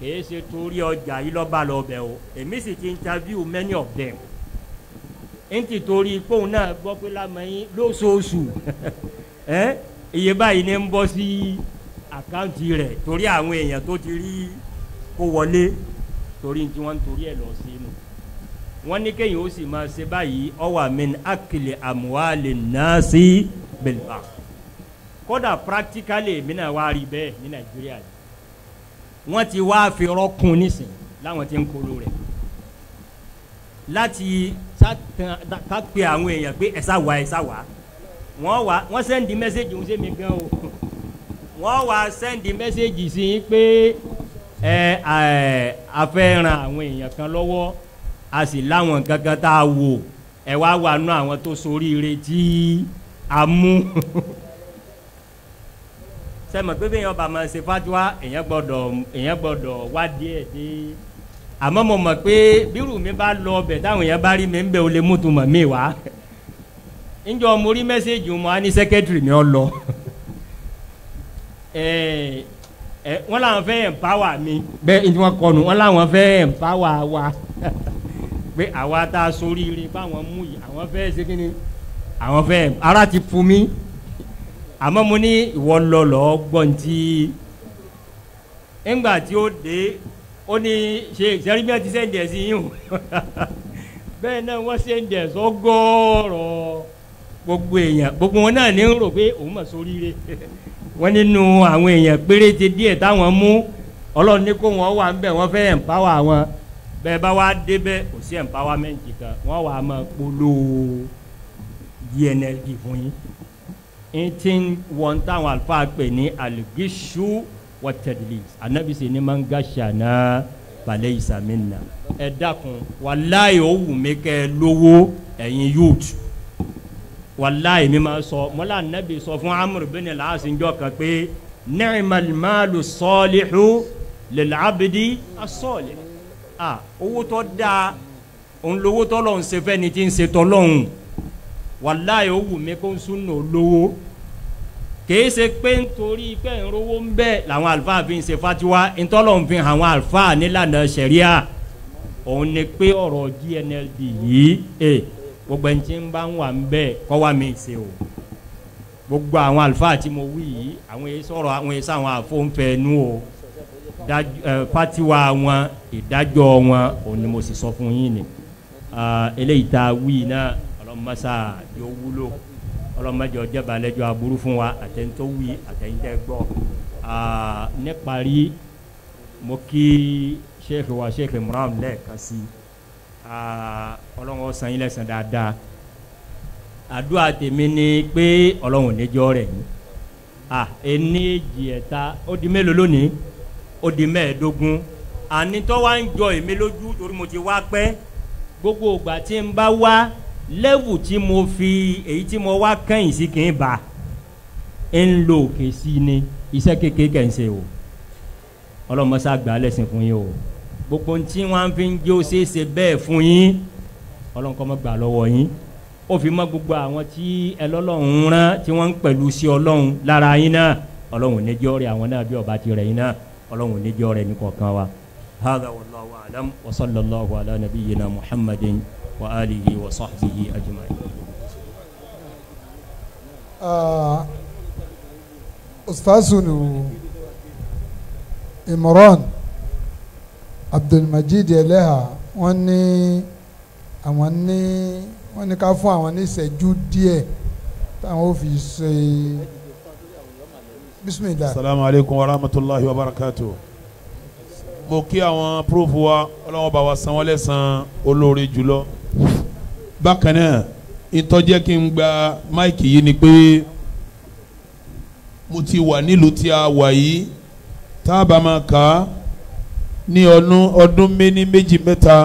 kìí ṣe torí ọjà yìí lọ́ba lọ bẹ̀ o èmi sì ti interview many of them n ti torí póun náà gbọ́ pé lámọ̀yìn lóṣooṣù (laughs) iye báyìí ni ń bọ́ sí àkáǹtì rẹ̀ torí àwọn èèyàn tó ti rí kó wọlé torí tí wọ́n ń torí ẹ̀ lọ sí inú wọ́n ní kéèyàn ó sì máa ṣe báyìí ọwọ́ àmì akele amuale nasi bilba kódà practically èmi náà wá rí bẹ́ẹ̀ ní nàìjíríà yìí wọ́n ti wá fi rọ́kùn nísìn láwọn ti ń kolo rẹ̀ láti ká pe àwọn èèyàn pé ẹ̀sà wá ẹ̀sà wá wọ́n wá wọ́n sẹ́ndì mẹ́sẹ́jì ń sẹ́mi gan o wọ́n wá sẹ́ndì mẹ́sẹ́jì sí i pé ẹ a fẹ́ ran àwọn èèyàn kan lọ́wọ́ a sì láwọn gangan tá a wò ẹ wá wà nú àwọn tó soríire tí a mú. (laughs) sẹ́mi pé bẹ́ẹ̀ yẹn ọba máa ṣe fatiwa èyàn gbọ́dọ̀ èyàn gbọ́dọ̀ wádìí ẹ̀ dé àmọ́ mo mọ̀ pé bírù mi bá lọ ọbẹ̀ táwọn èèyàn bá rí mi ń bẹ̀ ó lè mú tuma mi wá njọ mo rí mẹ́sẹ̀gì mo á ní sẹ́kẹ́tìrì mi ọ lọ (laughs) wọ́n làwọn fẹ́ ẹ̀mpáwà mi bẹ́ẹ̀ ni wọ́n kọnu wọ́n làwọn fẹ́ ẹ̀mpáwà wa (laughs) pé àwa tá a sóríire báwọn mú yìí àwọn fẹ́ ṣe kí ni àwọn fẹ́ ara ti fún mi àmọ́ mo ní ìwọ lọ́lọ́ gbọ̀ntì ńgbà tí ó dé ó ní ṣe ìsẹ́rìmíà ti sẹ́ǹdẹ̀ sí yín o (laughs) bẹ́ẹ̀ náà wọ́n sẹ́ǹdẹ̀ sọ́gọ́rọ̀ gbogbo èèyàn gbogbo wọn náà ní ń rò pé òun mà sóríire (laughs) wọ́n nínú àwọn èèyàn péréte díẹ̀ táwọn mú ọlọ́run ní kó wọn wà ń bẹ̀ wọ́n fẹ́ empower wọn bẹ́ẹ̀ bá wá débẹ̀ kò sí empowerment kan wọ́n wà á máa polówó dnld fún yín ntí wọn táwọn àlùfáà pè ní alùgíṣù wọtẹlẹ anabise ni máa ń gàṣà náà balẹ̀ ìsàmì nà ẹ dákun wàláyé ó wù mí kẹ lówó ẹ̀yin yóòtù wàláyé mi máa sọ mọ́lá anabi sọ fún amúrú bẹ́ẹ̀ ni làásìnjọ́ kan pé ni'mal malu salihu lil'abdi as owó tó dáa òun lówó tó lọ́hùn ṣe ni ti ń ṣe tọ́ lọ́hùn wàláyé ó wù mí kó ń súnà lówó kìí ṣe pé nítorí pé ìrówó ń bẹ làwọn àlùfáà fi ń ṣe fatiwa ntọ́lọ̀ fi àwọn àlùfáà nílànà sẹ̀ríà òun ni pé ọ̀rọ̀ GNLD yìí ẹ̀ gbogbo ẹni tí ń bá ń wà ń bẹ kọ́ wa mi ṣe o gbogbo àwọn àlùfáà tí mo wí yìí àwọn èyí sọ̀rọ̀ àwọn èyí sáwọn àfọ̀nfẹ́nu o fatiwa wọn ìdájọ́ wọn òun ni mo sì sọ fún yín ni eléyìí tá a wí náà ọlọmọsá yóò wúlò ọlọmọdé ọjọba lẹjọ aburú fún wa àtẹnitọ wí àtẹnitẹ gbọ níparí mo kí sheikh wa sheikh imran kasi, sí ọlọ́run ọsàn yín lẹ́sàn dáadáa àdúrà tèmi ni pé ọlọ́run níjọ rẹ ni ẹni jìẹta ó di mélòó lónìí ó di mẹ́ẹ̀ẹ́dógún ànitọ́ wa ń jọ èmi lójú torí mo ti wá pẹ́ gbogbo ìgbà tí n bá wá lẹ́wù tí mo fi èyí tí mo wá kẹ́yìn sí kì í ba ń lo òkè sí ni iṣẹ́ kékeré kẹ̀ ń ṣe o ọlọ́mọṣá gbà á lẹ́sìn fún yín o gbogbo tí wọ́n fi ń jó ṣeéṣe bẹ́ẹ̀ fún yín ọlọ́nkọ́mọ́ gbà lọ́wọ́ yín ó fi mọ́ gbogbo àwọn tí ẹlọ́lọ́run rán tí wọ́n ń pẹ̀lú sí ọlọ́run lára yín náà ọlọ́run níjọ́ rẹ̀ àwọn náà bí ọba ti rẹ̀ yín náà ọlọ́run níjọ́ rẹ̀ ní wa. hadha wallahu a'lam wa sallallahu ala nabiyyina muhammadin. وآله وصحبه أجمعين أستاذنا إمران عبد المجيد wọ́n ní àwọn ní wọ́n ní ká fún àwọn ní ìṣẹ́jú díẹ̀ táwọn ò fi ṣe bisimilah. salaamu aleykum wa rahmatulahi wa barakatu. mo kí àwọn púrúfù wa ọlọ́wọ́n bá wa san wọ́n olóore jùlọ bákan náà ìtọ́jẹ́ kí n gba máìkì yìí ni pé mo ti wà nílùú tí a wà yìí tá a bá máa kà á ní ọdún ọdún méní méjì mẹ́ta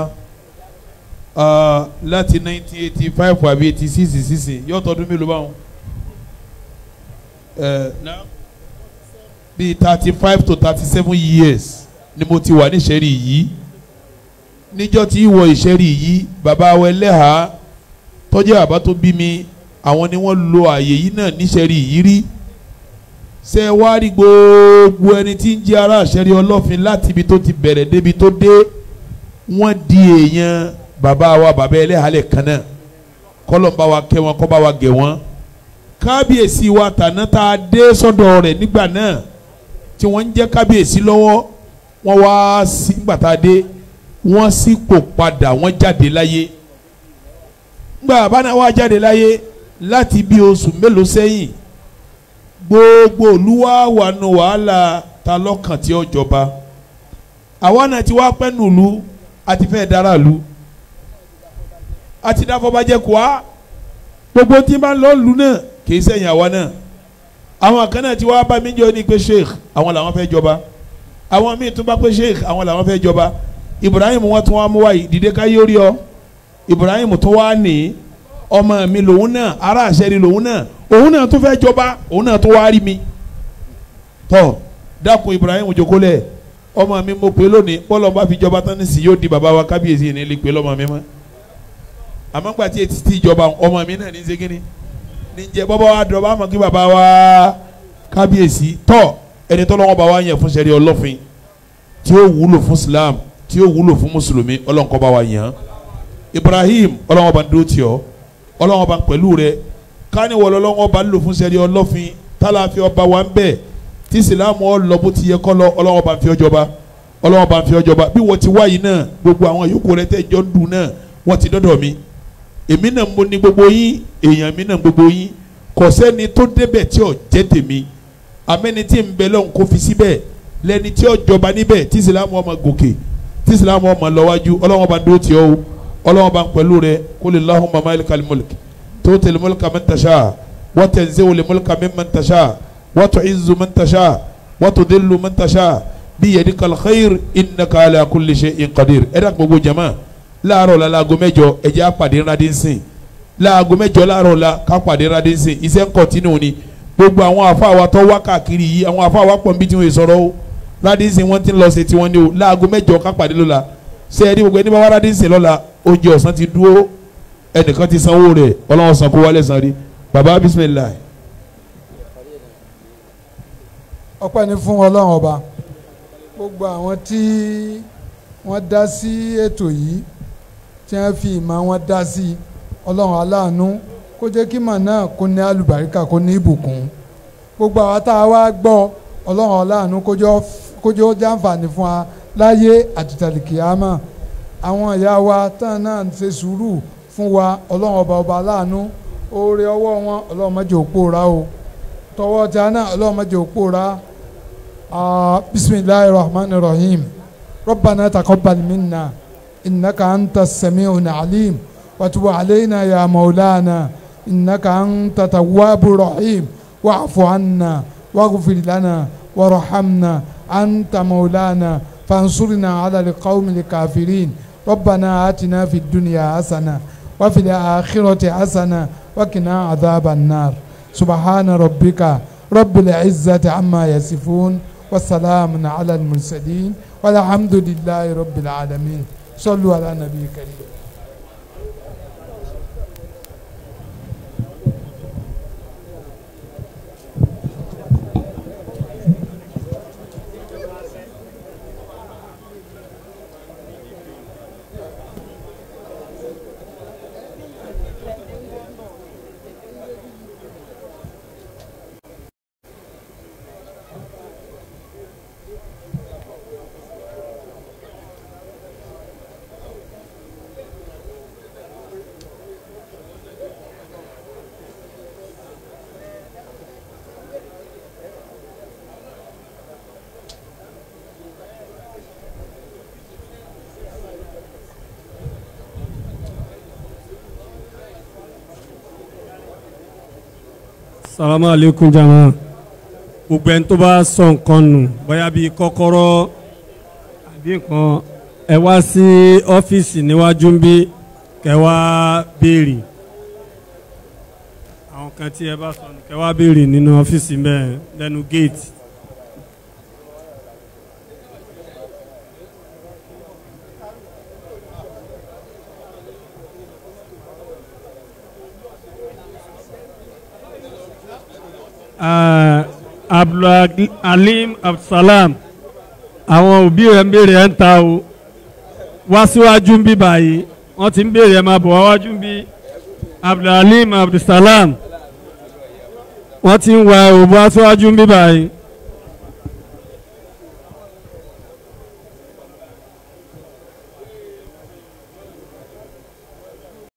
láti 1985 àbí 86 sísìn yóò mélòó báwọn bíi 35 to 37 years ni mo ti wà níṣẹ́rí yìí níjọ́ tí ìwọ ìṣẹ́rí yìí bàbá wa ẹlẹ́hàá tọ́jẹ́ àbá tó bí mi àwọn ni wọ́n lo àyè yìí náà níṣẹ́rí yìí rí ṣe wá rí gbogbo ẹni tí ń jẹ́ ara àṣẹrí ọlọ́fin láti ibi tó ti bẹ̀rẹ̀ débi tó dé wọ́n di èèyàn bàbá wa bàbá ẹlẹ́hàálẹ̀ kan náà kọ́lọ̀ ń bá wa kẹ́ wọn kọ́ bá wa gẹ̀ wọ́n kábíyèsí wa tàná tá a dé sọ́dọ̀ rẹ̀ nígbà náà tí wọ́n ń jẹ́ kábíyèsí lọ́wọ́ wọ́n wá sí nígbà dé wọ́n sípò padà wọ́n jáde láyé gba àbáná wa jáde láyé láti bí oṣù mélòó sẹ́yìn gbogbo olúwa wà nù wàhálà ta lọ́kàn tí ó jọba àwa náà ti wá pẹ́ nùlú àti fẹ́ dára lu àti dáfọ́bàjẹ́ kù á gbogbo tí bá ń lọ lù náà kì í sẹ́yìn àwa náà àwọn kan náà ti wá bá mi jọ ní pé sheikh àwọn làwọn fẹ́ jọba àwọn míì tún bá pé sheikh àwọn làwọn fẹ́ jọba Ibrahim wọn tún wá mú wáyé dìde ká yóò rí ọ. Ibrahim tó wá ní ọmọ mi lòun náà ará àṣẹrí lòun náà òun náà tó fẹ́ jọba òun náà tó wá rí mi tọ́ dákun Ibrahim jokolẹ̀ ọmọ mi mo pè lónìí bọ́lọ̀ bá fi jọba tán nísìnyí yóò di bàbá wa kábíyèsí ní ilé pè lọ́mọ mi mọ́ àmọ́ gbà tí etí ti jọba ọmọ mi náà ní segin ní jẹ bọ́bá wa dọ̀bá àmọ́ kí bàbá wa kábíyèsí tọ́ ẹni tọ́lọ́wọ́ bá wa yẹn fún sẹ́rí ọlọ́fin tí ó wúlò fún Islam tí ó wúlò fún mùsùlùmí ọlọ́nkọ́ bá wa yẹn. Ibrahim ọlọ́wọ́n bá ń dúró tì ọ́ ọlọ́wọ́n bá ń pẹ̀lú rẹ káníwọ̀ lọ́wọ́n bá ń lò fún sẹ́rí ọlọ́fin tálàfin ọba wa ń bẹ̀ tí sìlámù ọlọ bó ti yẹ kọ́ lọ ọlọ́wọ́n bá fi ọjọba ọlọ́wọ́n bá ń fi ọjọba bí wọ́n ti wáyìí náà gbogbo àwọn yòókù rẹ tẹ́ jọ ń dùn náà wọ́n ti dọ́dọ̀ mi èmi náà mo ní gbogbo yín èèyàn mi náà gbogbo yín kò sẹ́ni tó débẹ̀ tí ò jẹ́ tèmi amẹ́ni tí ń bẹ lọ́hùn kó fi síbẹ̀ lẹ́ni tí ò jọba níbẹ̀ tí sìlámù ọmọ gòkè tí sìlámù ọmọ lọ́wájú ọlọ́wọ́n bá dúró tì o ọlọ́wọ́n bá ń pẹ̀lú rẹ qul Allahumma malikal mulk tu'til mulka man tasha wa tanzi'ul mulka mimman tasha wa tu'izzu man tasha wa tudillu man tasha biyadikal khair innaka ala kulli shay'in qadir ẹ dà gbogbo jama láàárọ̀ la laago mẹ́jọ ẹ jẹ́ apàdé radinsin laago mẹ́jọ láàárọ̀ la kápàdé radinsin iṣẹ́ ń kọ̀tínú ni gbogbo àwọn afáwa tó wá káàkiri yìí àwọn afáwa pọ̀ níbi tí wọ́n sọ̀rọ̀ laago mẹ́jọ kápàdé lọ́la ṣe é ní gbogbo ẹni oúnjẹ ọ̀sán ti dúró ẹnìkan ti sanwó rẹ̀ ọlọ́wọ́ san kó wálé san rí baba bisimilayi. ọpẹ́ ni fún ọlọ́run ọba gbogbo àwọn tí wọ́n dá sí ètò yìí tí wọ́n fi ìmọ̀ wọn dá sí ọlọ́run aláàánú kó jẹ́ kí mọ̀ náà kó ní àlùbáríkà kó ní ìbùkún gbogbo àwọn tá a wá gbọ́ ọlọ́run aláàánú kó jẹ́ ó jàǹfààní fún wa láyé àti tàlìkì àwọn ìyá wa tán náà ṣe sùúrù fún wa ọlọ́run ọba ọba aláàánú oore ọwọ́ wọn ọlọ́run má jẹ́ ó pòórá o tọwọ́ tí a náà ọlọ́run má jẹ́ ó pòórá bisimilahi rahman rahim rabbana taqabbal minna innaka anta sami'un alim wa tub alayna ya maulana innaka anta tawwabur rahim wa'fu anna waghfir lana warhamna anta maulana fansurna ala alqawmi alkafirin. ربنا آتنا في الدنيا حسنة وفي الآخرة حسنة وقنا عذاب النار سبحان ربك رب العزة عما يصفون والسلام على المرسلين والحمد لله رب العالمين صلوا على النبي الكريم salamu aleykum jama gbogbo ẹni tó bá sọ nǹkan nù bóyá bíi kọ́kọ́rọ́ àbí nǹkan ẹ wá sí ọ́fíìsì níwájú ń bí kẹ wá béèrè àwọn kan tí ẹ bá sọ kẹ wá béèrè nínú ọ́fíìsì mẹ́ẹ̀ lẹ́nu géètì. Uh, Abdul Alim Abdulsalam àwọn òbí rẹ̀ ń béèrè ẹ̀ ń ta o wá síwájú ń bí báyìí wọ́n ti ń béèrè ẹ̀ máa bọ̀ wájú bí Abdul Abdulsalam wọ́n ti ń wá òbí wá síwájú bí báyìí.